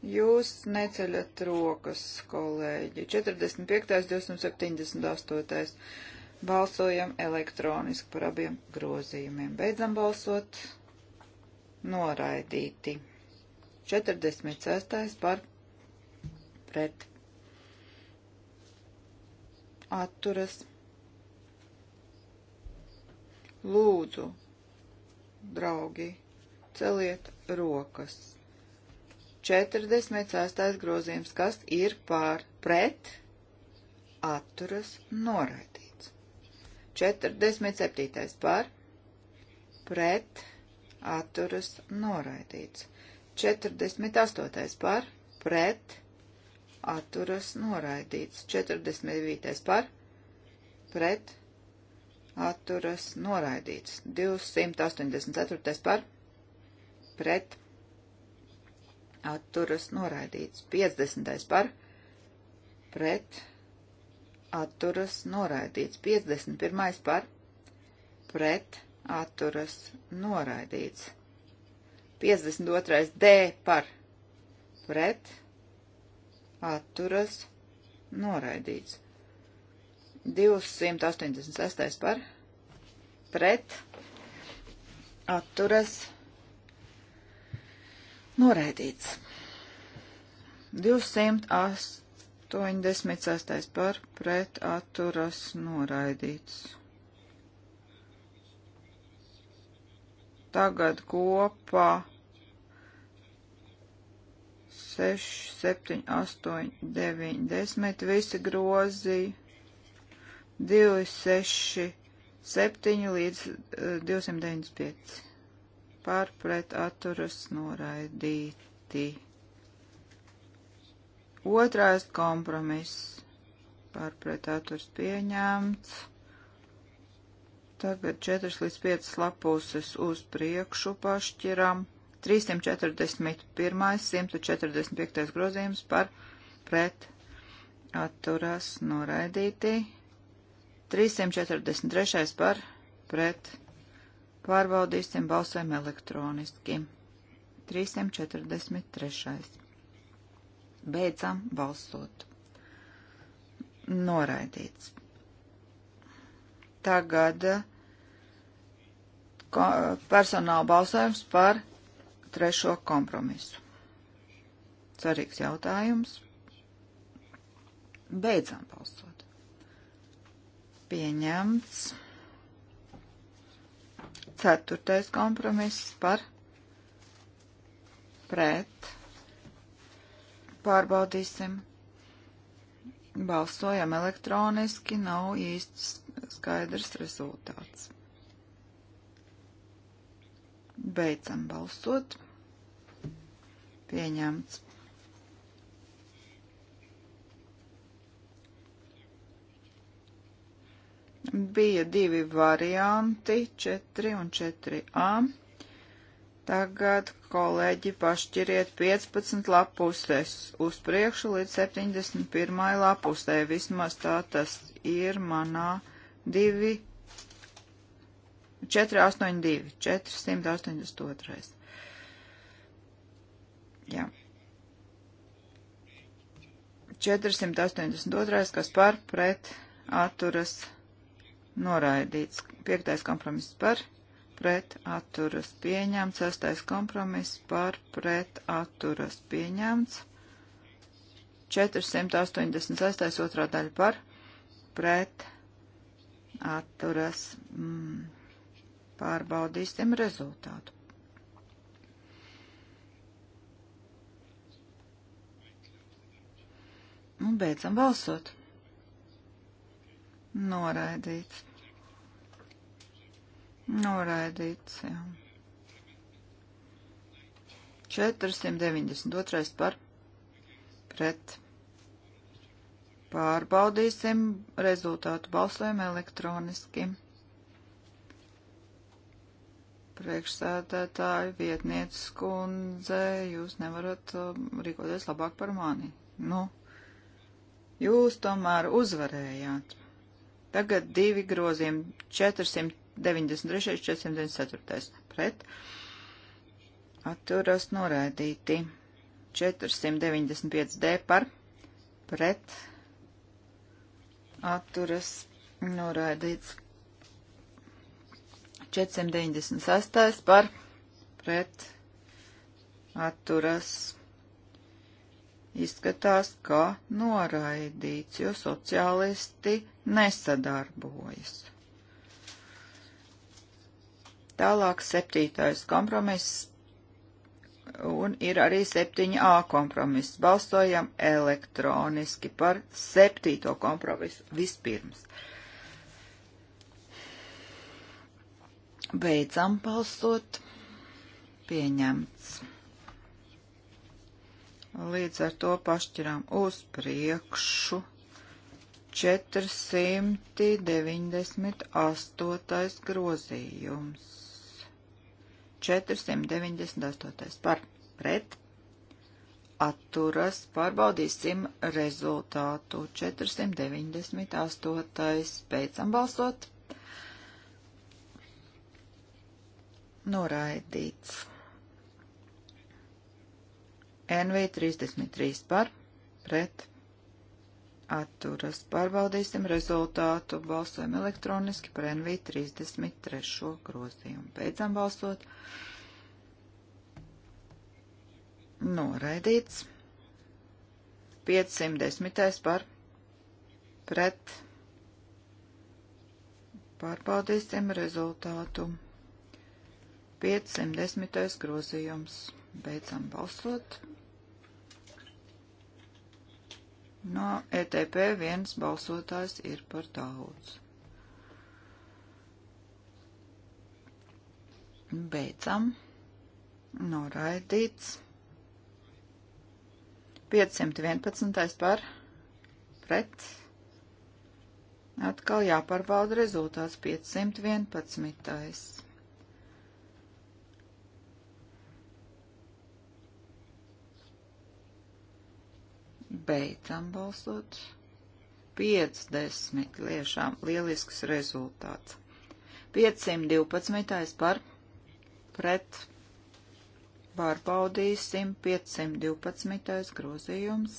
Jūs neceļat rokas, kolēģi. 45. 278. Balsojam elektroniski par abiem grozījumiem. Beidzam balsot. Noraidīti. 46. par pret atturas. Lūdzu, draugi, celiet rokas. 46. grozījums, kas ir pār pret, atturas noraidīts. 47. pār pret, atturas noraidīts. 48. par pret atturas noraidīts. 49. par pret atturas noraidīts. 284. par pret atturas noraidīts. 50. par pret atturas noraidīts. 51. par pret atturas noraidīts. 52. D par pret atturas noraidīts. 286. par pret atturas noraidīts. 286. par pret atturas noraidīts. tagad kopā 6, 7, 8, 9, 10 visi grozi, 2, 6, 7 līdz 295 eh, pārpret atturas noraidīti. Otrais kompromiss pārpret atturas pieņemts. Tagad 4 līdz 5 lapuses uz priekšu pašķiram. 341. 145. grozījums par pret atturās noraidītī. 343. par pret pārbaudīsim balsēm elektroniski. 343. Beidzam balsot. Noraidīts. Tagad personāla balsojums par trešo kompromisu. Cerīgs jautājums. Beidzām balsot. Pieņemts. Ceturtais kompromiss par pret. Pārbaudīsim. Balsojam elektroniski, nav īsts skaidrs rezultāts. Beidzam balsot. Pieņemts. Bija divi varianti, 4 un 4a. Tagad, kolēģi, pašķiriet 15 lapusēs uz priekšu līdz 71. lapusē. Vismaz tā tas ir manā 2 482, 482. Jā. 482, kas par pret atturas noraidīts. 5. kompromiss par pret atturas pieņemts. 6. kompromiss par pret atturas pieņemts. 486. otrā daļa par pret atturas. Mm Pārbaudīsim rezultātu. Un beidzam balsot. Noraidīts. Noraidīts, jā. 492 par pret. Pārbaudīsim rezultātu balsojumu elektroniski priekšsēdētāju vietnieces kundze, jūs nevarat um, rīkoties labāk par mani. Nu, jūs tomēr uzvarējāt. Tagad divi grozījumi 493, 494 pret. Atturas noraidīti 495 D par pret. Atturas noraidīts 498 par pret atturas. Izskatās, ka noraidīts, jo sociālisti nesadarbojas. Tālāk septītais kompromiss un ir arī 7A kompromiss. Balsojam elektroniski par septīto kompromisu vispirms. Uh, Beidzam balsot. Pieņemts. Līdz ar to pašķiram uz priekšu. 498. grozījums. 498. par pret atturas pārbaudīsim rezultātu. 498. pēcam balsot. noraidīts. NV 33 par, pret, atturas. Pārbaudīsim rezultātu, balsojam elektroniski par NV 33 grozījumu. Beidzam balsot. Noraidīts. 510 par, pret, pārbaudīsim rezultātu. 510. grozījums. Beidzam balsot. No ETP viens balsotājs ir par daudz. Beidzam. Noraidīts. 511. par pret. Atkal jāparbauda rezultāts 511. Beidzam balsot. 50 liešām lielisks rezultāts. 512. par pret pārbaudīsim 512. grozījums.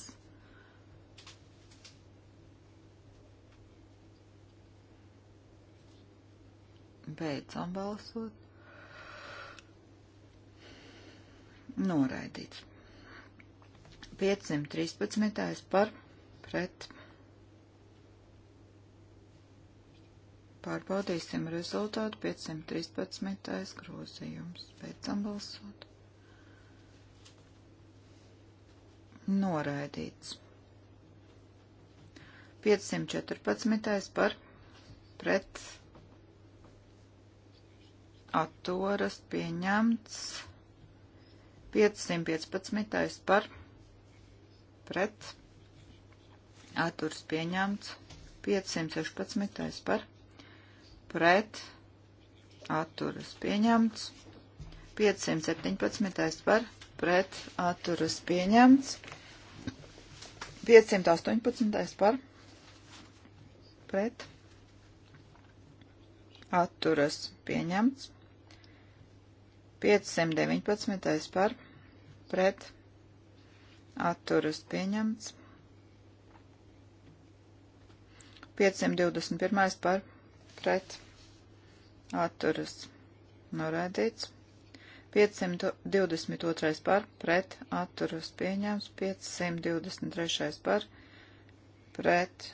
Beidzam balsot. Noraidīts. 513. par pret. Pārbaudīsim rezultātu 513. grozījums. Beidzam balsot. Noraidīts. 514. par pret atturas pieņemts. 515. par pret pret atturs pieņemts 516. par pret atturas pieņemts 517. par pret atturas pieņemts 518. par pret atturas pieņemts 519. par pret atturas pieņemts. 521 par pret atturas norādīts. 522 par pret atturas pieņemts. 523 par pret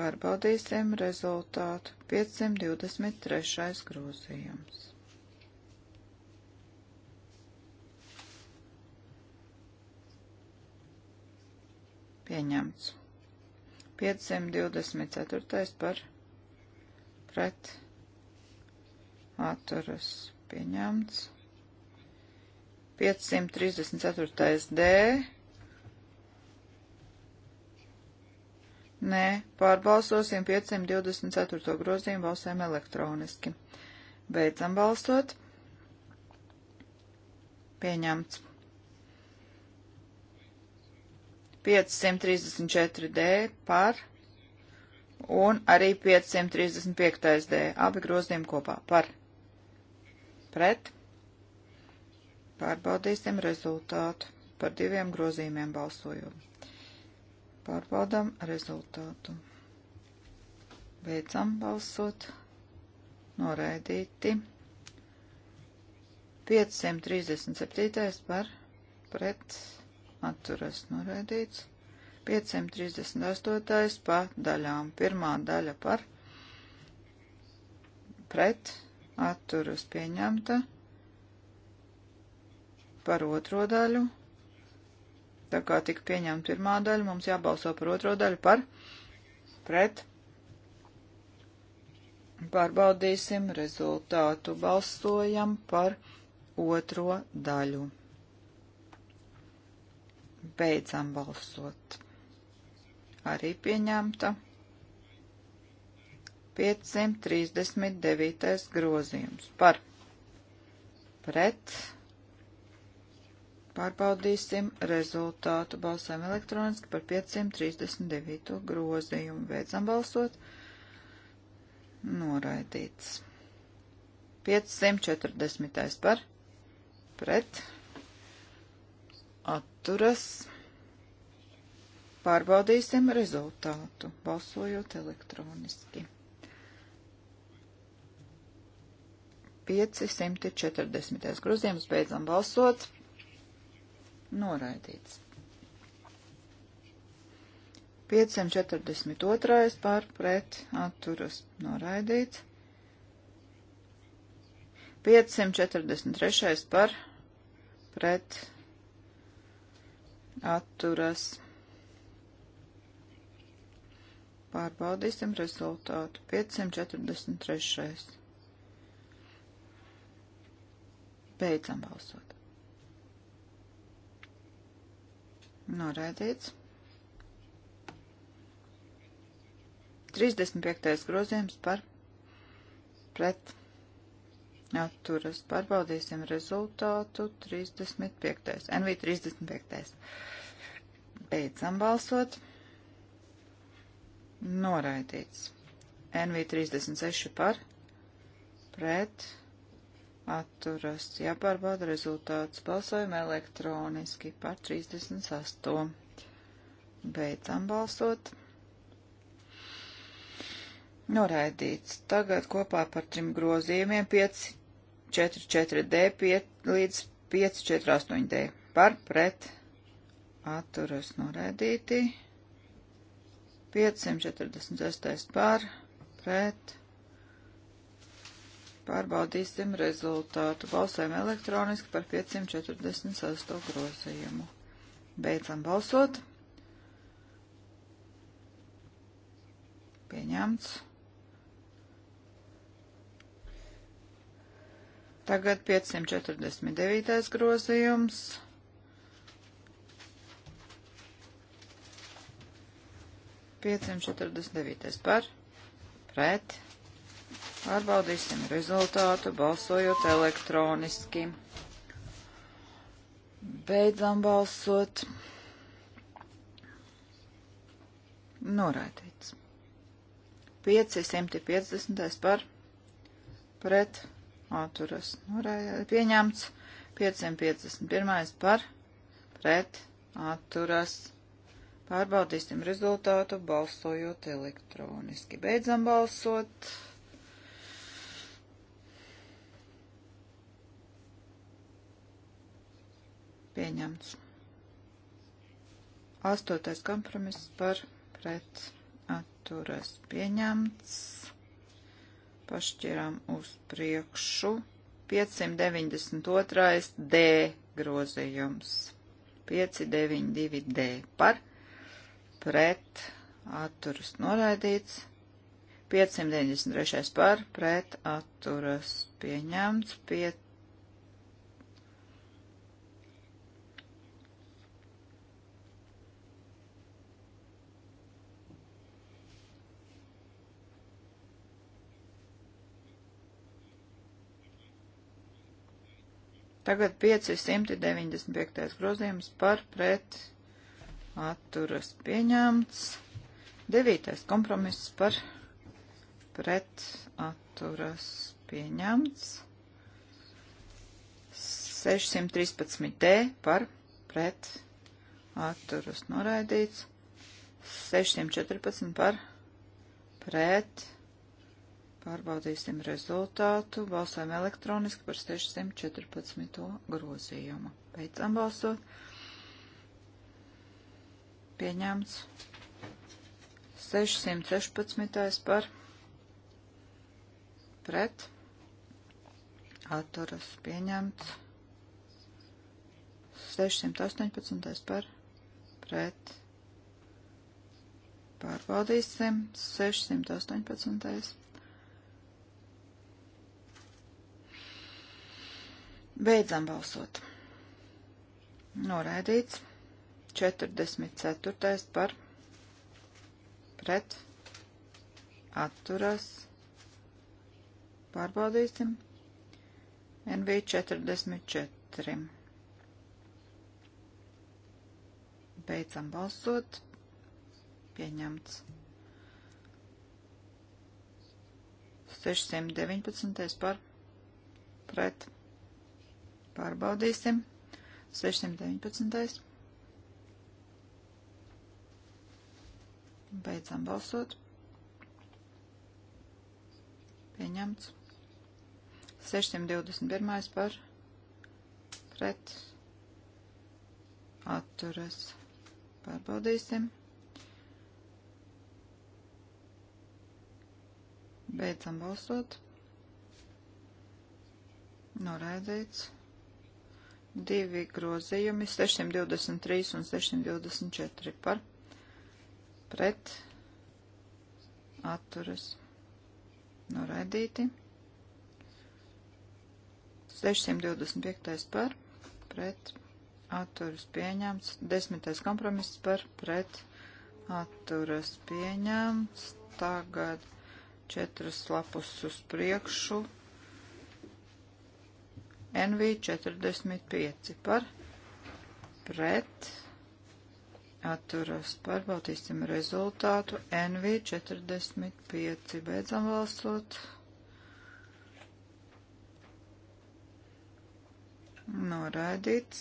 pārbaudīsim rezultātu. 523 grozījums. pieņemts. 524. par pret atturas pieņemts. 534. D. Nē, pārbalsosim 524. grozījumu balsēm elektroniski. Beidzam balsot. Pieņemts. 534D par un arī 535D. Abi grozījumi kopā par pret. Pārbaudīsim rezultātu par diviem grozījumiem balsojot. Pārbaudam rezultātu. Beidzam balsot. Noraidīti. 537. par pret atturas noraidīts. 538. pa daļām. Pirmā daļa par pret atturas pieņemta. Par otro daļu. Tā kā tika pieņemta pirmā daļa, mums jābalso par otro daļu par pret. Pārbaudīsim rezultātu. Balsojam par otro daļu. Beidzam balsot. Arī pieņemta. 539. grozījums par pret. Pārbaudīsim rezultātu. Balsēm elektroniski par 539. grozījumu. Beidzam balsot. Noraidīts. 540. par pret atturas. Pārbaudīsim rezultātu, balsojot elektroniski. 540. grozījums beidzam balsot. Noraidīts. 542. par pret atturas noraidīts. 543. par pret atturas. Pārbaudīsim rezultātu. 543. Beidzam balsot. Noraidīts. 35. grozījums par pret atturas. Pārbaudīsim rezultātu 35. NV 35. Beidzam balsot. Noraidīts. NV 36 par, pret, atturas. Jāpārbauda rezultāts. Balsojam elektroniski par 38. Beidzam balsot. Noraidīts. Tagad kopā par trim grozījumiem 5, 4,4D līdz 5,48D par pret atturas norēdīti, 546 par pret pārbaudīsim rezultātu. Balsojam elektroniski par 548 grozījumu. Beidzam balsot. Pieņemts. Tagad 549. grozījums. Pieciem četrdesmit devītais par, pret, pārbaudīsim rezultātu, balsojot elektroniski. Beidzam balsot. Noraidīts. 550 par, pret, pārbaudīsim atturas nu, pieņemts. 551. par pret atturas. Pārbaudīsim rezultātu balsojot elektroniski. Beidzam balsot. Pieņemts. Astotais kompromiss par pret atturas pieņemts pašķiram uz priekšu. 592. D grozījums. 592 D par pret atturas noraidīts. 593 par pret atturas pieņemts. 5 Tagad 595. grozījums par pret atturas pieņemts. 9. kompromiss par pret atturas pieņemts. 613D par pret atturas noraidīts. 614 par pret atturas Pārbaudīsim rezultātu. Balsojam elektroniski par 614. grozījumu. Beidzam balsot. Pieņemts. 616. par pret. Atturas pieņemts. 618. par pret. Pārbaudīsim 618. Beidzam balsot. Noraidīts. 44. par pret atturas. Pārbaudīsim. NV 44. Beidzam balsot. Pieņemts. 619. par pret atturas Pārbaudīsim. 619. Beidzam balsot. Pieņemts. 621. par pret atturas. Pārbaudīsim. Beidzam balsot. Noraidīts divi grozījumi 623 un 624 par pret atturas noraidīti. 625 par pret atturas pieņemts. 10. kompromiss par pret atturas pieņemts. Tagad četras lapus uz priekšu NV45 par pret atturas. Pārbaudīsim rezultātu. NV45 beidzam valstot. Noraidīts.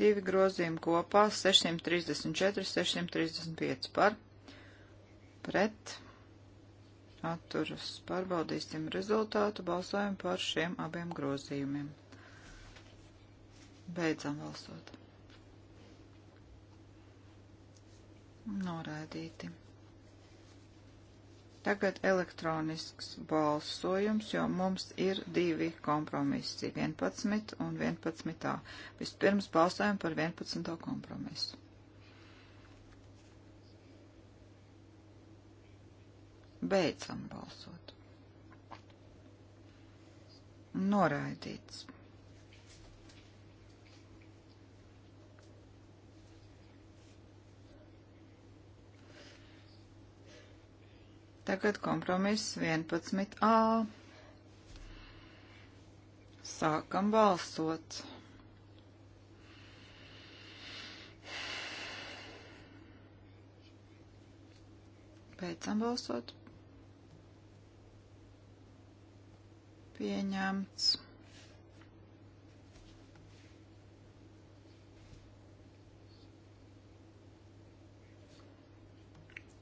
Divi grozījumi kopā 634, 635 par pret atturas atturas. Pārbaudīsim rezultātu, balsojam par šiem abiem grozījumiem. Beidzam balsot. Noraidīti. Tagad elektronisks balsojums, jo mums ir divi kompromisi - 11 un 11. Vispirms balsojam par 11. kompromisu. Beidzam balsot. Noraidīts. Tagad kompromiss 11a. Sākam balsot. Beidzam balsot. Pieņemts.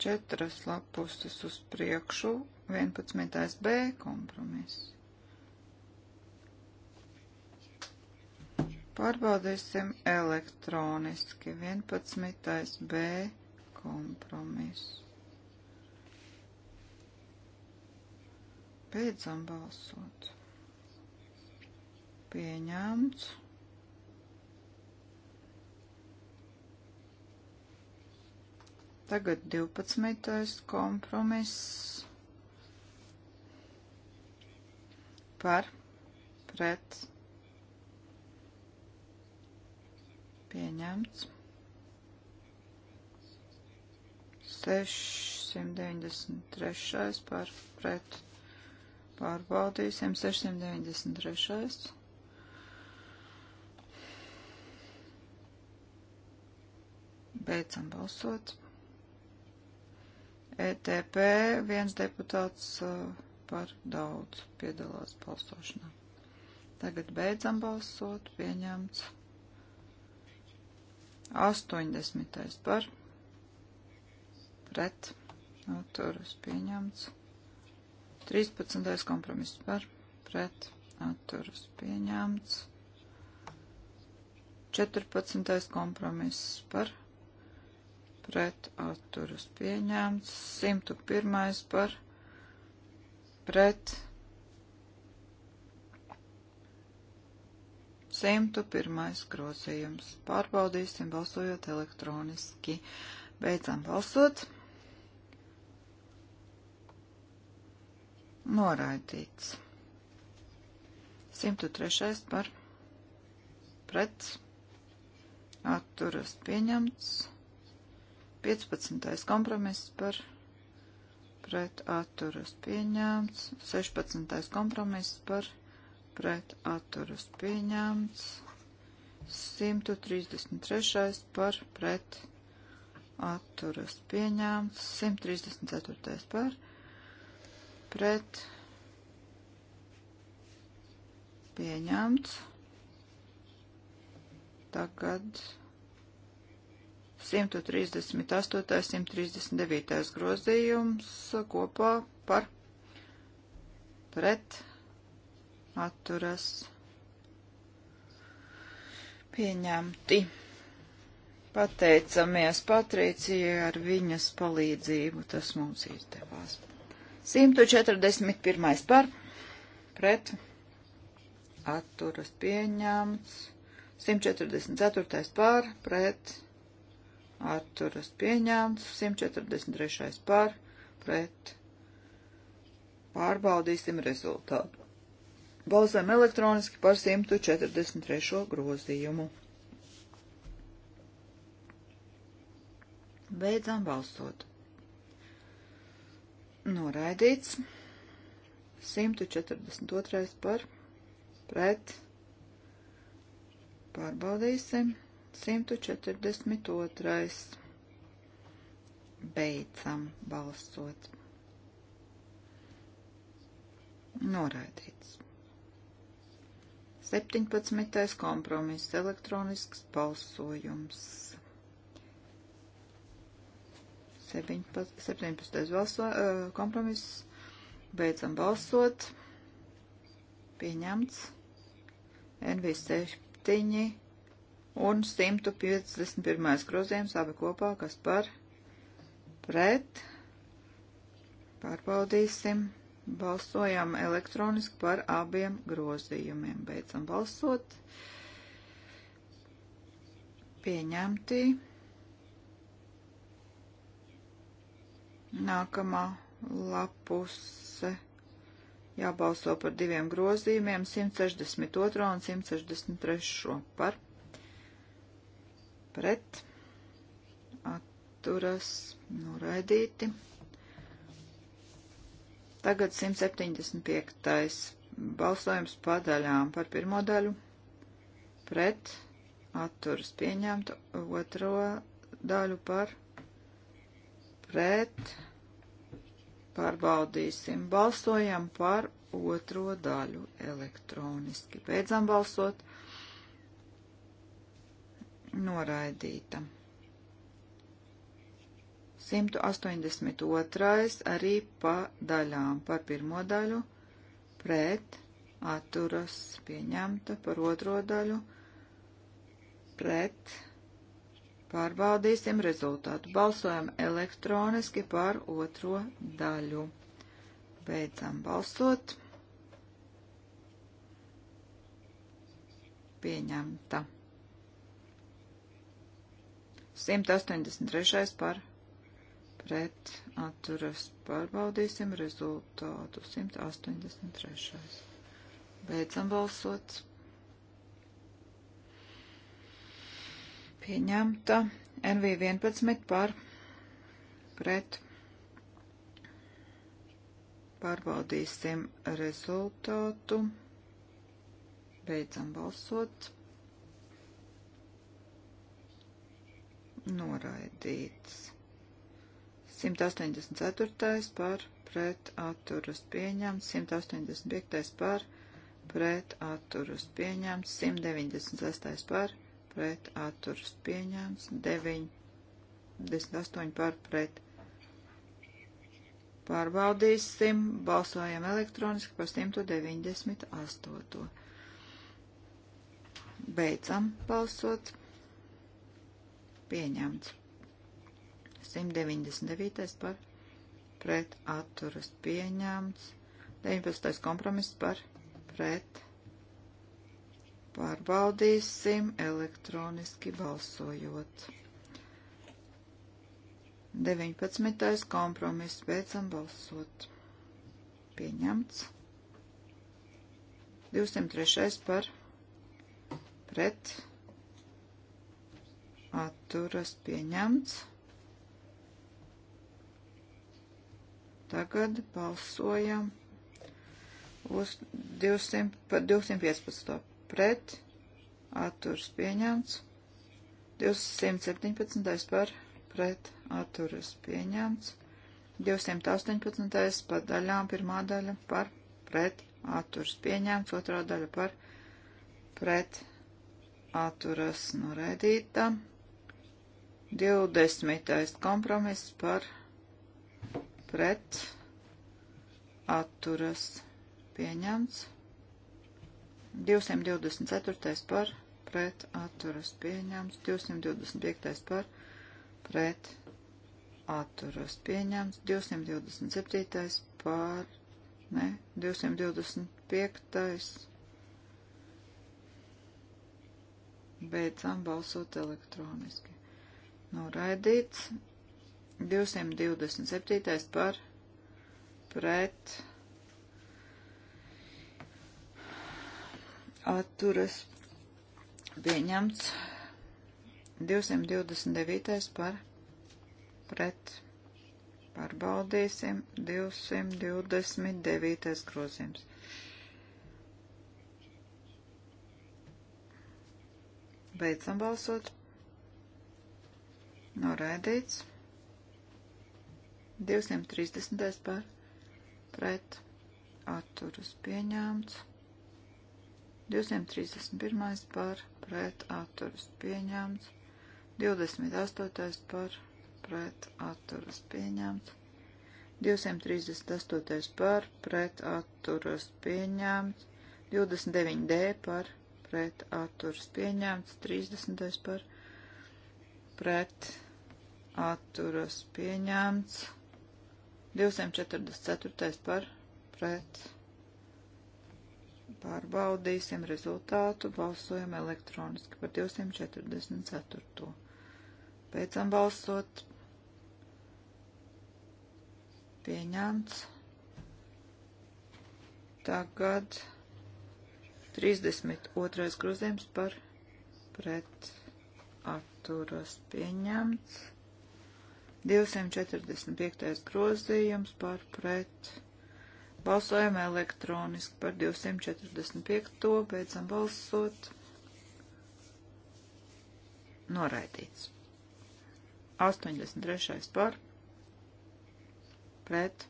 Četras lapuses uz priekšu, 11. B kompromiss. Pārbaudīsim elektroniski 11. B kompromisu. Beidzam balsot. Pieņemts. Tagad 12. kompromiss par pret pieņemts 693. par pret Pārbaudīsim 693. Beidzam balsot. ETP viens deputāts uh, par daudz piedalās balsošanā. Tagad beidzam balsot. Pieņemts. 80. par pret. Atturas pieņemts. 13. kompromiss par pret atturas pieņemts. 14. kompromiss par pret atturas pieņemts. 101. par pret 101. grozījums. Pārbaudīsim balsojot elektroniski. Beidzam balsot. noraidīts. 103. par pret atturas pieņemts. 15. kompromiss par pret atturas pieņemts. 16. kompromiss par pret atturas pieņemts. 133. par pret atturas pieņemts. 134. par pret pret pieņemts. Tagad 138. 139. grozījums kopā par pret atturas pieņemti. Pateicamies Patricijai ar viņas palīdzību, tas mums izdevās. 141. par pret atturas pieņemts. 144. par pret atturas pieņemts. 143. par pret pārbaudīsim rezultātu. Balsojam elektroniski par 143. grozījumu. Beidzam balsot noraidīts. 142. par pret pārbaudīsim. 142. beidzam balsot. Noraidīts. 17. kompromiss elektronisks balsojums. 17. Balso, eh, kompromiss. Beidzam balsot. Pieņemts. NV7 un 151. grozījums abi kopā, kas par pret. Pārbaudīsim. Balsojam elektroniski par abiem grozījumiem. Beidzam balsot. Pieņemti. Nākamā lapuse jābalso par diviem grozījumiem, 162 un 163 par pret atturas noraidīti. Tagad 175. balsojums padaļām par pirmo daļu pret atturas pieņemtu, otro daļu par pret atturas Pārbaudīsim. Balsojam par otro daļu elektroniski. Beidzam balsot. Noraidīta. 182. arī pa daļām. Par pirmo daļu pret atturas pieņemta, par otro daļu pret Pārbaudīsim rezultātu. Balsojam elektroniski par otro daļu. Beidzam balsot. Pieņemta. 183. par pret atturas. Pārbaudīsim rezultātu. 183. Beidzam balsot. pieņemta NV11 par pret. Pārbaudīsim rezultātu. Beidzam balsot. Noraidīts. 184. par pret atturus pieņemts, 185. par pret atturus pieņemts, 196. par pret atturas pieņēmts, 98 par pret. Pārbaudīsim, balsojam elektroniski par 198. Beidzam balsot. Pieņemts. 199. par pret atturas pieņemts. 19. kompromiss par pret atturas Pārbaudīsim elektroniski balsojot. 19. kompromiss. Beidzam balsot. Pieņemts. 203. par pret atturas pieņemts. Tagad balsojam uz 200, 215 pret atturs pieņemts. 217. par pret atturas pieņemts. 218. par daļām pirmā daļa par pret atturas pieņemts. Otrā daļa par pret atturas noraidīta. 20. kompromiss par pret atturas pieņemts. 224. par pret atturas pieņemts, 225. par pret atturas pieņemts, 227. par ne, 225. Beidzām balsot elektroniski. Noraidīts 227. par pret atturas pieņemts. atturas pieņemts 229. par pret. Pārbaudīsim 229. grozījums. Beidzam balsot. Noraidīts. 230. par pret. Atturas pieņēmts. 231. par pret atturas pieņemts. 28. par pret atturas pieņemts. 238. par pret atturas pieņemts. 29. d par pret atturas pieņemts. 30. par pret atturas pieņemts. 244. par pret atturas pieņemts. Pārbaudīsim rezultātu, balsojam elektroniski par 244. Beidzam balsot. Pieņemts. Tagad 32. grozījums par pret atturas pieņemts. 245. grozījums par pret atturas pieņemts. Balsojam elektroniski par 245. To beidzam balsot. Noraidīts. 83. par. Pret.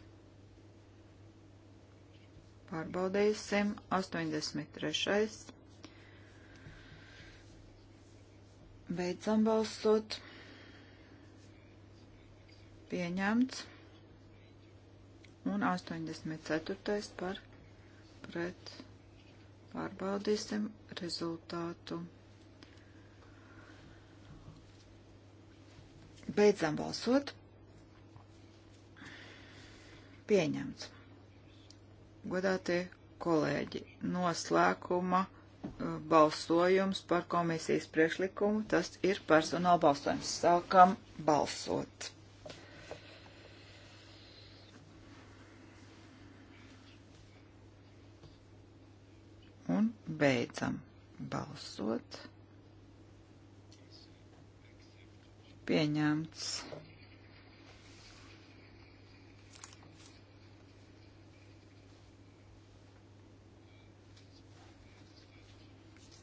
Pārbaudīsim. 83. Beidzam balsot. Pieņemts un 84. par pret. Pārbaudīsim rezultātu. Beidzam balsot. Pieņemts. Godātie kolēģi, noslēguma uh, balsojums par komisijas priekšlikumu, tas ir personāla balsojums. Sākam balsot. Beidzam balsot. Pieņemts.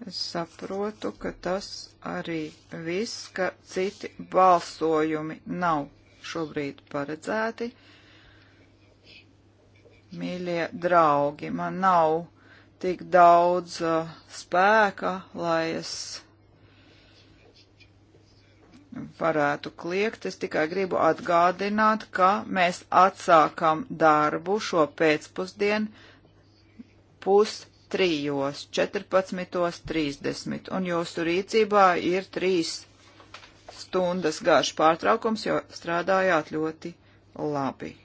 Es saprotu, ka tas arī viss, ka citi balsojumi nav šobrīd paredzēti. Mīļie draugi, man nav tik daudz uh, spēka, lai es varētu kliegt. Es tikai gribu atgādināt, ka mēs atsākam darbu šo pēcpusdienu pus trijos, 14.30, un jūsu rīcībā ir trīs stundas garš pārtraukums, jo strādājāt ļoti labi.